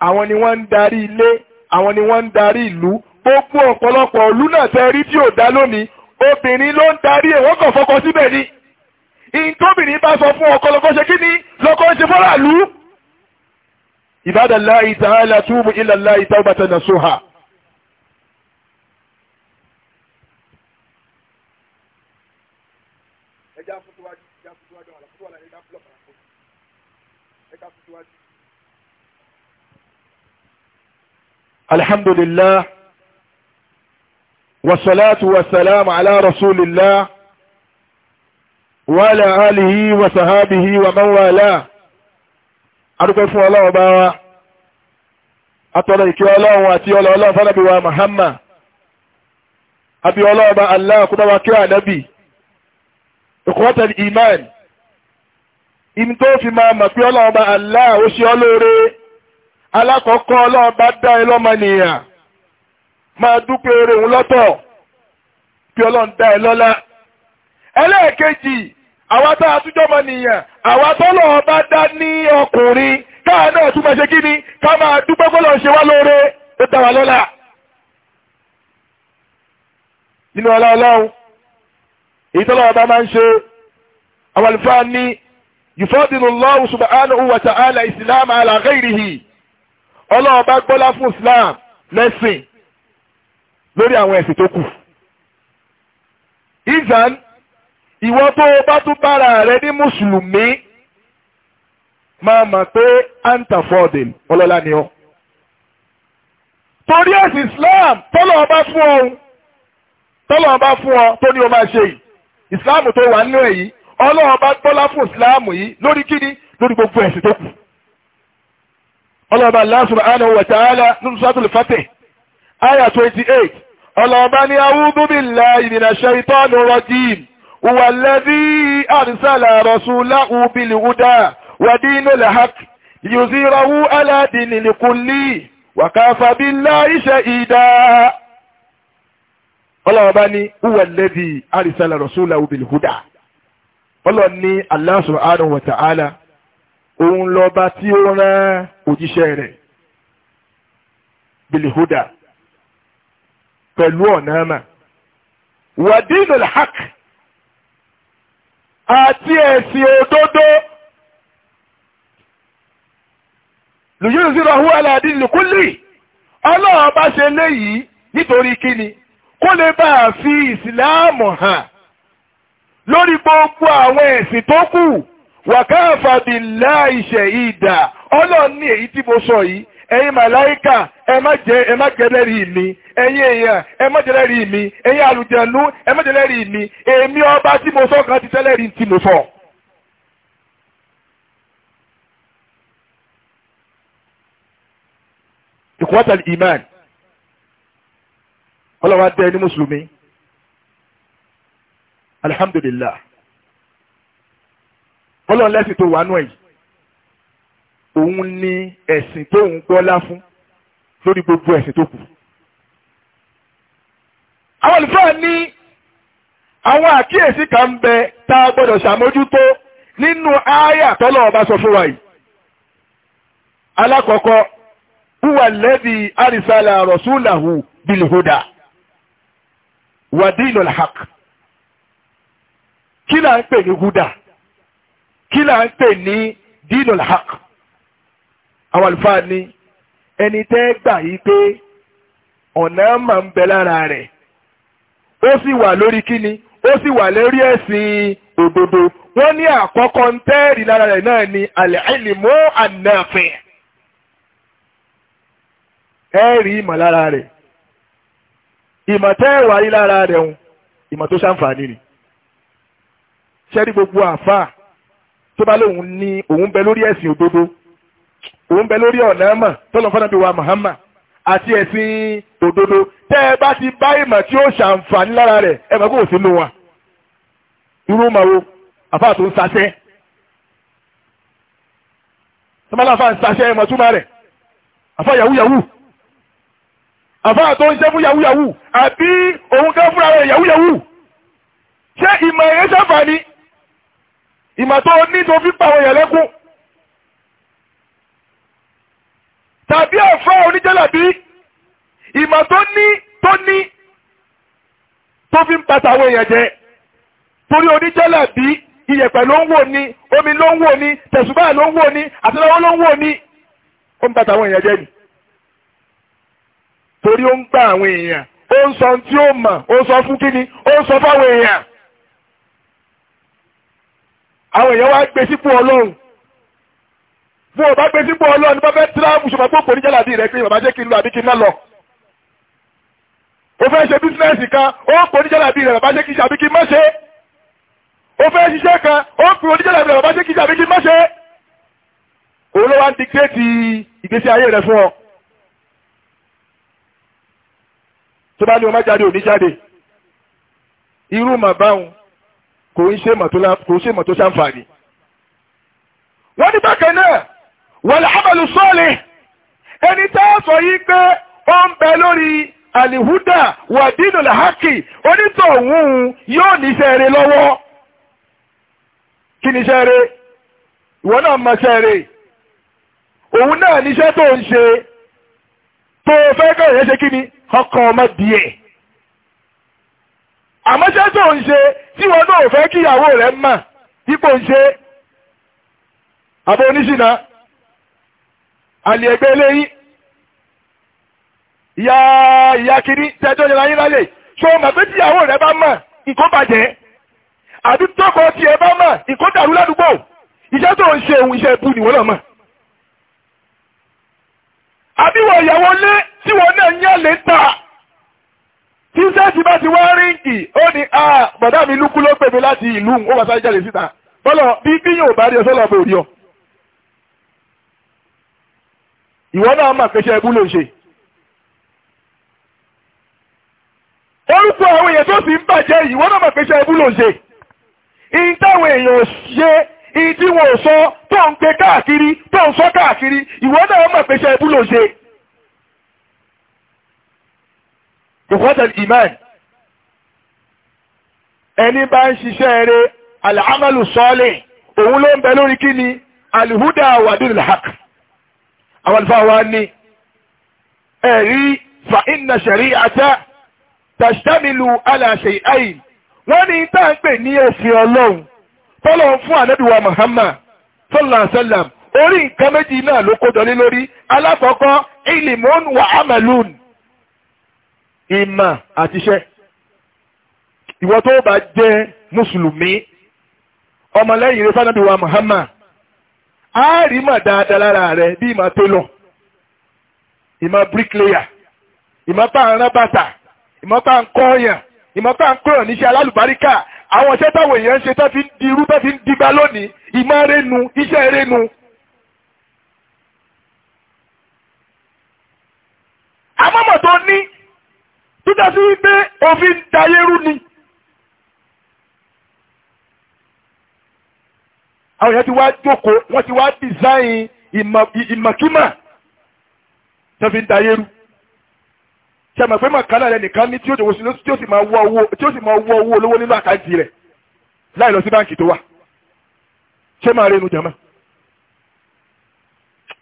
[SPEAKER 1] àwọn ni wọ́n ń darí ilé àwọn ni wọ́n ń darí ìlú gbogbo ọ̀pọ̀lọpọ̀ ìlú náà tẹ́ rí tí ò dá lónìí obìnrin ló ń darí èwọ́n e, kàn fọkọ síbẹ̀ ni ìntóbìnrin bá sọ fún ọkọ lọ́kọ́ ṣe kí ni lọ́kọ́ ṣe fọ́ràlú. Ibadallahi ta'ala tubu ilallahi tawbatan nasuha الحمد لله والصلاة والسلام على رسول الله وعلى آله وصحابه ومن والاه أرجو فو الله وبا أتولى إكي الله واتي الله الله فنبي ومحمد أبي الله وبا الله كنا وكي نبي إخوة الإيمان إن توفي ما مكي الله وبا الله وشي الله alákọ̀ọ́kọ́ ọlọ́run bá dá ẹ lọ́mọnìyàn máa dúpẹ́ eré òun lọ́tọ̀ kí ọlọ́run dá ẹ lọ́lá ẹlẹ́ẹ̀kejì àwa tá a túnjọ́ ọmọnìyàn àwa tọ́lọ́run bá dá ní ọkùnrin káà náà túnbọ̀ ṣe kí ni ká máa dúpẹ́ kó lọ́ọ́ ṣe wá lóore ó dá wa lọ́lá nínú ọlá ọlọ́run èyí tọ́lọ́ ọba máa ń ṣe àwọn àlùfáà ní yufadilu Allahu subhanahu wa ta'ala ìsìlámù ala ghairihi ọlọ́run bá gbọ́lá fún islam lẹ́sìn lórí àwọn ẹ̀sìn tó kù. ìzàn ìwọ tó o bá tún bára rẹ ní mùsùlùmí máa mọ̀ pé anta fọ́ọ̀dìn ọlọ́lá ni ọ́. torí ẹ̀sìn islam tọ́lọ̀ ọba fún ọ tọ́lọ̀ ọba fún ọ tó ní o máa ṣe yìí islam tó wà nínú ẹ̀ yìí ọlọ́run bá gbọ́lá fún islam yìí lórí kíni lórí gbogbo ẹ̀sìn tó kù ọlọ́ọ̀bá Allah subhanahu wa ta'ala nínú suratul Fatih ayà 28 ọlọ́ọ̀bá ní a'udhu billahi minash shaitanir rajim huwa alladhi arsala rasulahu bil huda wa dinil haqq liyuzhirahu ala dinil kulli wa kafa billahi shahida ọlọ́ọ̀bá ní huwa alladhi arsala rasulahu òun lọba tí ó rán òjíṣẹ́ rẹ̀ bilihuda pẹ̀lú ọ̀nàmà wadinul haq àti ẹ̀sìn òdodo lùyìn zero hu aladin lukulli ọlọ́run bá ṣe léyìí nítorí kíni kó lè bá a fi ìsìláàmù hàn lórí gbogbo àwọn ẹ̀sìn tó kù wàkáàfà bí láìṣẹ̀ ìdà ọlọ́run ní èyí tí mo sọ yìí ẹ̀yin màláìkà ẹ má jẹ ẹ má mi ẹ̀yin èèyàn ẹ má jẹlẹ́rìí mi ẹ̀yin àlùjẹ̀nú ẹ má jẹlẹ́rìí mi èmi ọba tí mo sọ kan ti tẹ́lẹ̀rìí tí mo sọ. ìkọ́tàlì iman ọlọ́wà dẹ́ ní mùsùlùmí alihamdulilayi ọlọ́run lẹ́sìn tó wà nù ẹ̀yìn òun ni ẹ̀sìn tóun gbọ́lá fún lórí gbogbo ẹ̀sìn tó kù. àwọn olùfẹ́ ní àwọn àkíyèsí kan ń bẹ tá a gbọ́dọ̀ ṣàmójútó nínú àyà tọ́lọ̀ ọba sọ fún wa yìí. alákọ̀ọ́kọ́ huwa lẹ́bi arisala rọ̀súlàhù bilhuda wàdínul haq kí là ń pè ní huda kí là ń pè ní dinul haq àwọn àlùfáà ni ẹni tẹ́ gbà yí pé ọ̀nà máa ń bẹ lára rẹ̀ ó sì wà lórí kíni ó sì wà lórí ẹ̀sìn òdodo wọ́n ní àkọ́kọ́ ń tẹ́ẹ̀rì lára rẹ̀ náà ni al-ilmu an-nafi' ẹ̀rí ìmọ̀ lára rẹ̀ ìmọ̀ tẹ́ẹ̀wà rí lára rẹ̀ ń ìmọ̀ tó ṣàǹfààní ni ṣẹ́rí gbogbo àfáà tó bá lóun ní òun bẹ lórí ẹ̀sìn òdodo òun bẹ lórí ọ̀nà mọ̀ tọ́lọ̀ fọ́nàbí wa Muhammad àti ẹ̀sìn òdodo tẹ́ ẹ bá ti bá ìmọ̀ tí ó ṣàǹfààní lára rẹ̀ ẹ mọ̀ kó o sí nu wa irú ma wo àfa tó ń sasẹ́ sọmọlá àfa ń sasẹ́ ẹ mọ̀ túmọ̀ rẹ̀ àfa yahoo yahoo àfa tó ń ṣe fún yahoo àbí òun kẹ́ fúnra rẹ̀ yahoo ṣé ìmọ̀ ẹ̀yẹ ṣàǹfààní ìmọ̀ tó ní tó fi pàwọn èèyàn lẹ́kún tàbí ọ̀fọ́ oníjẹ́làbí ìmọ̀ tó ní tó ní tó fi ń pàtà àwọn èèyàn jẹ torí oníjẹ́làbí iyẹ̀pẹ̀ ló ń wò ní omi ló ń wò ní tẹ̀sùbá ló ń wò ní àtẹ́lẹwọ́ ló ń wò ní ó ń pàtà àwọn èèyàn jẹ ni torí ó ń gba àwọn èèyàn ó ń sọ tí ó mọ̀ ó sọ fún kíni ó ń sọ fáwọn èèyàn àwọn èèyàn wá gbé sípò ọlọ́run bó o bá gbé sípò ọlọ́run bá fẹ́ tíráàmù ṣùgbọ́n gbogbo oníjàládì rẹ pé bàbá jẹ́ kí n lọ àbí kí n má lọ o fẹ́ ṣe bísínẹ́sì kan ó pè oníjàládì rẹ bàbá jẹ́ kí n ṣe àbí kí n má ṣe o fẹ́ ṣiṣẹ́ kan ó pè oníjàládì rẹ bàbá jẹ́ kí n ṣe àbí kí n má ṣe òun ló wá ń dikireti ìgbésí ayé rẹ fún ọ tó bá ní o má jáde ò ní jáde irú màbáhùn kò ń ṣe mọ̀ tó ṣàǹfààní. wọ́n ní bákan náà wọ́n lè ábàlù sọ́ọ̀lì ẹni tá a sọ yìí pé ó ń bẹ lórí àlìhúdà wàdínù làákì onítọ̀hún yóò níṣẹ́ rẹ lọ́wọ́ kí níṣẹ́ rẹ ìwọ náà mọ̀ ṣẹ́ rẹ òun náà níṣẹ́ tó ń ṣe tó fẹ́ kọ́ ṣe kí ni ọkọ̀ ọmọ díẹ̀ àmọ́ṣẹ́ tó ń ṣe tí wọn náà fẹ́ kí ìyàwó rẹ̀ mọ̀ dípò ń ṣe àbọ̀ oníṣìnà àlè ẹgbẹ́ eléyìí ìyá ìyá kiri tẹjọ́ yẹn láyé lálẹ́ ṣó o mọ̀ pé tí ìyàwó rẹ̀ bá mọ̀ nǹkan bàjẹ́ àbí tọkọ tiẹ̀ bá mọ̀ nǹkan dàrú ládùúgbò iṣẹ́ tó ń ṣe òun iṣẹ́ ibú nìwọ́n náà mọ̀ àbí wọ ìyàwó lé tí wọn náà ń yàn lé ta tí sẹ́ẹ̀tì bá ti wá ríǹkì ó ní à bọ̀dá mi lúkú ló pè mí láti ìlú ó wà sáré jáde síta bọ́lọ̀ bí bí yóò bá rí ọ sọ́lọ́ ọmọ òrí ọ. ìwọ náà mà pé iṣẹ́ ẹbú ló ń ṣe. orúkọ àwọn èèyàn tó sì ń bàjẹ́ ìwọ náà mà pé ẹbú ló ń ṣe. ìyí táwọn èèyàn ṣe ìdí sọ tó ń gbé káàkiri tó ń sọ káàkiri ìwọ náà mà pé ẹbú ló ń ṣe. ìfọ́tẹ̀lì iman ẹni bá ń ṣiṣẹ́ eré alhamalu sọ́ọ̀lẹ̀ òun ló ń bẹ lórí kí ni alhuda wadul haq àwọn alfa wa ni ẹ̀rí fa inna shari'ata tashtamilu ala shay'ayn wọ́n ní tá ń pè ní ẹ̀sìn ọlọ́run tọ́lọ̀ fún ànábìwá Muhammad sallallahu alaihi orí nǹkan méjì náà ló kó jọ lórí alákọ̀ọ́kọ́ ilimun wa amalun ìmọ̀ àtiṣẹ́ ìwọ tó bá jẹ́ mùsùlùmí ọmọlẹ́yìn rẹ sanabi wa Muhammad á rí mọ̀ dáadáa lára rẹ bí ìmọ̀ télọ̀ ìmọ̀ bricklayer ìmọ̀ tá à ń rán bàtà ìmọ̀ tá à ń kọ́ọ̀yàn ìmọ̀ tá à ń kọ́ọ̀yàn níṣẹ́ alálùbáríkà àwọn iṣẹ́ táwọn èèyàn ń ṣe tó fi ń di irú tó fi ń digbá lónìí ìmọ̀ rẹnu iṣẹ́ rẹnu. àmọ́mọ̀ tó ní títà sí wípé òfin dayérú ni àwọn èèyàn ti wá jókòó wọ́n ti wá design ìmọ̀kímà tó fi ń dayérú ṣe àmọ̀ pé màkánà rẹ nìkan ní tí ó sì máa wọ́ owó olówó nínú àkáǹtì rẹ̀ láì lọ sí báǹkì tó wà ṣé máa rẹnu jàmá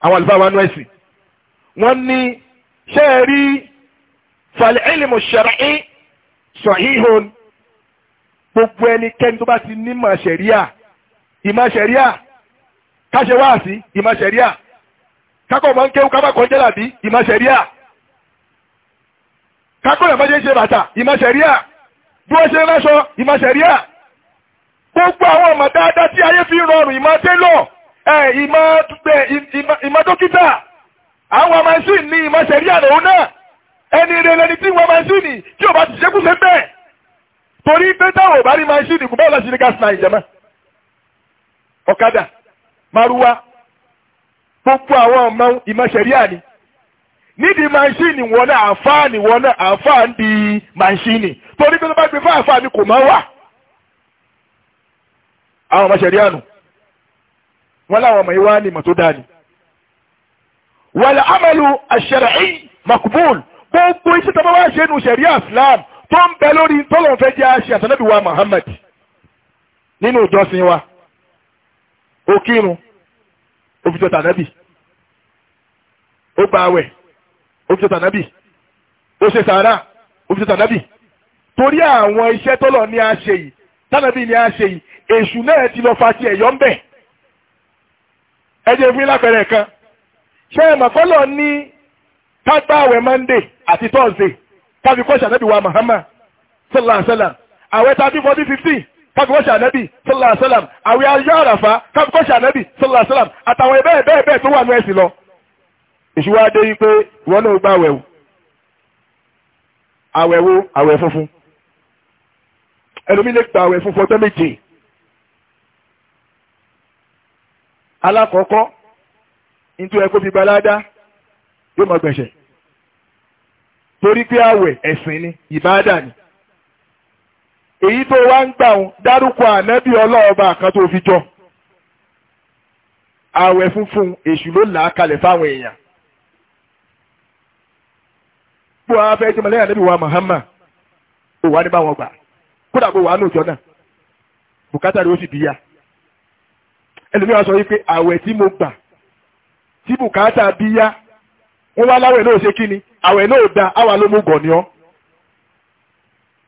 [SPEAKER 1] àwọn àlùfáà wa nú ẹ̀sìn wọ́n ní ṣé ẹ rí fàlẹ́ẹ̀lìmù ṣẹ̀rẹ̀ sọ̀híhun gbogbo ẹnikẹ́ni tó bá ti nímọ̀ ṣẹ̀ríà ìmọ̀ ṣẹ̀ríà káṣe wá sí ìmọ̀ ṣẹ̀ríà kákọ̀ mọ́ ń kéwú kábà kan jẹ́là bí ìmọ̀ ṣẹ̀ríà kákọ̀ rẹ̀ mọ́ṣẹ́ ṣe bàtà ìmọ̀ ṣẹ̀ríà bí wọ́n ṣe ránṣọ ìmọ̀ ṣẹ̀ríà gbogbo àwọn ọmọ dáadáa tí ayé fi rọrùn ìmọ̀ télọ̀ ìmọ̀ dókítà àwọn ọmọ ẹ̀sìn ní ìmọ̀ ṣẹ̀ríà lòun náà ẹni rẹ lẹni tí wọ́n maṣíìnì tí ò bá ti ṣekú ṣe bẹ́ẹ̀ torí pé táwọn ò bá rí maṣíìnì kò báwo la ṣe ní gáàsì náà ìjẹmọ́ ọ̀kadà márúwá gbogbo àwọn ọmọ ìmọ̀ṣẹ̀ríà ni nídìí maṣíìnì wọn náà àǹfààní wọn náà àǹfààní maṣíìnì torí pé tó bá gbé fún àǹfààní kò máa wà àwọn ọmọṣẹ̀ríà nù wọn láwọn ọmọ yìí wá ní ìmọ̀ tó dáa ni wàlẹ̀ amalu ash gbogbo iṣẹ́ tó bá wá ṣe nu ṣẹ̀rí islam tó ń bẹ lórí tọ́lọ̀n fẹ́ jẹ́ àṣẹ àtàlẹ́bí wa Muhammad nínú ìjọsìn wa ó kírun ó fi tọ́ta nábì ó gba àwẹ̀ ó fi tọ́ta nábì ó ṣe sàárà ó torí àwọn iṣẹ́ tọ́lọ̀ ní a yìí tánàbí ni a ṣe yìí èṣù náà ti lọ fa ti ẹ̀yọ́ ń bẹ̀ ẹ jẹ́ fún yín lápẹẹrẹ kan ṣé ẹ̀mọ̀kọ́lọ̀ ní kágbáwẹ̀ monday àti thursday káfí kọ́ṣà nẹ́bí wa Muhammad sallallahu alayhi wa sallam àwẹ̀ tàbí fourteen fifteen káfí kọ́ṣà nẹ́bí sallallahu alayhi wa sallam àwẹ̀ ayé àràfà káfí kọ́ṣà nẹ́bí sallallahu alayhi wa sallam àtàwọn bẹ́ẹ̀ bẹ́ẹ̀ bẹ́ẹ̀ tó wà ní ẹ̀sìn lọ. ìṣúwá dé yí pé ìwọ náà gbá àwẹ̀ wò àwẹ̀ wo àwẹ̀ funfun ẹlòmí lè gba àwẹ̀ funfun ọjọ́ méje alákọ̀ọ́kọ́ nítorí ẹ̀kọ́ fi gbalá dá yóò máa gbẹ̀ṣẹ̀ torí pé àwẹ̀ ẹ̀sìn ni ìbáàdà ni èyí tó wá ń gbà wọn dárúkọ ànábì ọlọ́ọ̀ba kan tó fi jọ àwẹ̀ funfun èṣù ló là á kalẹ̀ fáwọn èèyàn bó a fẹ́ jẹmọ lẹ́yìn ànábì wa Muhammad ó wà ní báwọn gbà kódà kó wà á lóòjọ́ náà bùkátà rẹ̀ ó sì bíyà ẹlòmíràn sọ wípé àwẹ̀ tí mo gbà tí bùkátà bíyà wọ́n wá láwẹ̀ náà ṣe kí ni àwẹ̀ náà da àwa ló mú gọ̀ọ́ni ọ́.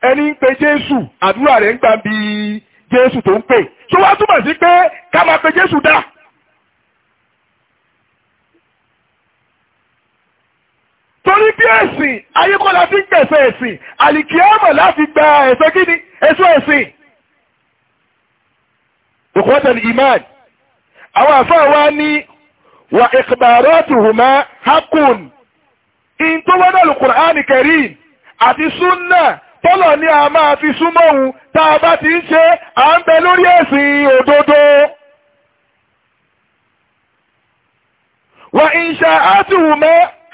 [SPEAKER 1] ẹni ń pe jésù àdúrà rẹ̀ ń gbà bí jésù tó ń pè tó wá túmọ̀ sí pé ká máa pe jésù dá. torí bí ẹ̀sìn ayékọ́lá fi ń gbẹ̀sẹ̀ ẹ̀sìn àlìkíyàmọ̀ láti gba ẹ̀sẹ̀ kí ni èso ẹ̀sìn. òkú ọ̀tẹ̀ ni imán àwọn àfáà wa ní wà ikhbaratuhuma hakun in tó wọ́n dàlù kùránì karim àti súnà tọ́lọ̀ ní a máa fi súnmọ́ òun tá a bá ti ń ṣe à ń bẹ lórí ẹ̀sìn òdodo wà insha'atuhuma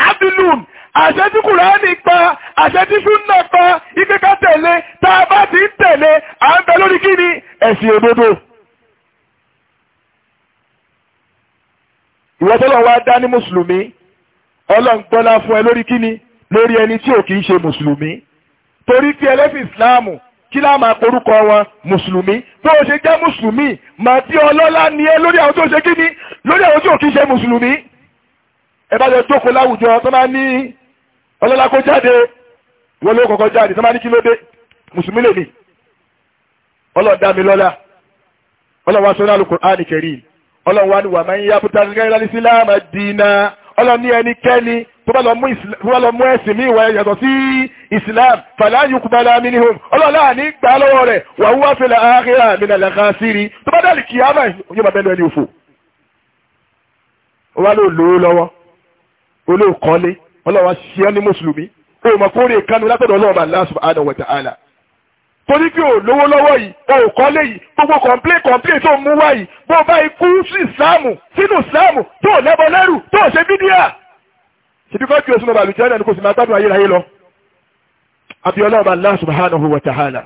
[SPEAKER 1] adlun àṣẹ tí kùránì pa àṣẹ tí súnà pa ikẹ́ká tẹ̀lé tá tẹ̀lé à ń bẹ lórí kíni ẹ̀sìn òdodo ìwọ tọ́lọ́ wa dá ní mùsùlùmí ọlọ́run gbọ́lá fún ẹ lórí kíni lórí ẹni tí ò kì í ṣe mùsùlùmí torí pé ẹlẹ́sìn ìsìláàmù kí láà máa korúkọ wọn mùsùlùmí tó o ṣe jẹ́ mùsùlùmí màá tí ọlọ́lá ni ẹ lórí àwọn tó ṣe kíni lórí àwọn tí ò kì í ṣe mùsùlùmí ẹ bá jọ jókòó láwùjọ tó máa ní ọlọ́lá kó jáde ìwọ ló kọ̀kọ́ jáde tó máa ní kí ló dé mùsùlùmí lè ní ọlọ́dà mi lọ́lá ọlọ́wà sọ́nà Al-Qur'an Karim ọlọ́run wá ní wà máa ń yá búta gẹ́gẹ́ lálẹ́ sí láàmà dínà ọlọ́run ní ẹnikẹ́ni tó bá lọ mú ẹ̀sìn mi ìwà yàtọ̀ sí islam fàlàyé kùbálà minhum ọlọ́run láàní gbà lọ́wọ́ rẹ̀ wà wúwá fẹlẹ̀ ààrẹ àmìnà lẹ́ka síri tó bá dàlí kì í àmà yóò máa bẹ́ẹ̀ lọ ẹni òfò. wà ló lò ó lọ́wọ́ olóòkọ́lé ọlọ́run ṣe ọ́ ní mùsùlùmí ó mọ̀ kórè kánú látọ̀dọ̀ ọlọ́run torí pé ò lówó lọ́wọ́ yìí ò kọ́lé yìí gbogbo kọ̀m̀plé kọ̀m̀plé tó mú wá yìí bó bá ikú sí ìsáàmù sínú ìsáàmù tó lẹ́bọ lẹ́rù tó ṣe bídíà. ṣèbí kọ́ ju oṣù lọ́ba àlùjẹ́ náà ni kò sì máa gbádùn ayérayé lọ. abiola ọba Allah subhanahu wa ta'ala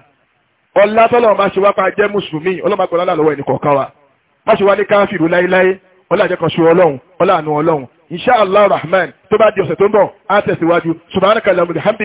[SPEAKER 1] ọlá tọ́lọ́ máa ṣe wá pa jẹ́ mùsùlùmí ọlọ́mọ akọ̀lá lọ́wọ́ wa má ṣe wá ní káfíìrù láéláé ọlá àjẹkànṣe ọlọ́run ọlá rahman tó bá di ọ̀sẹ̀ tó ń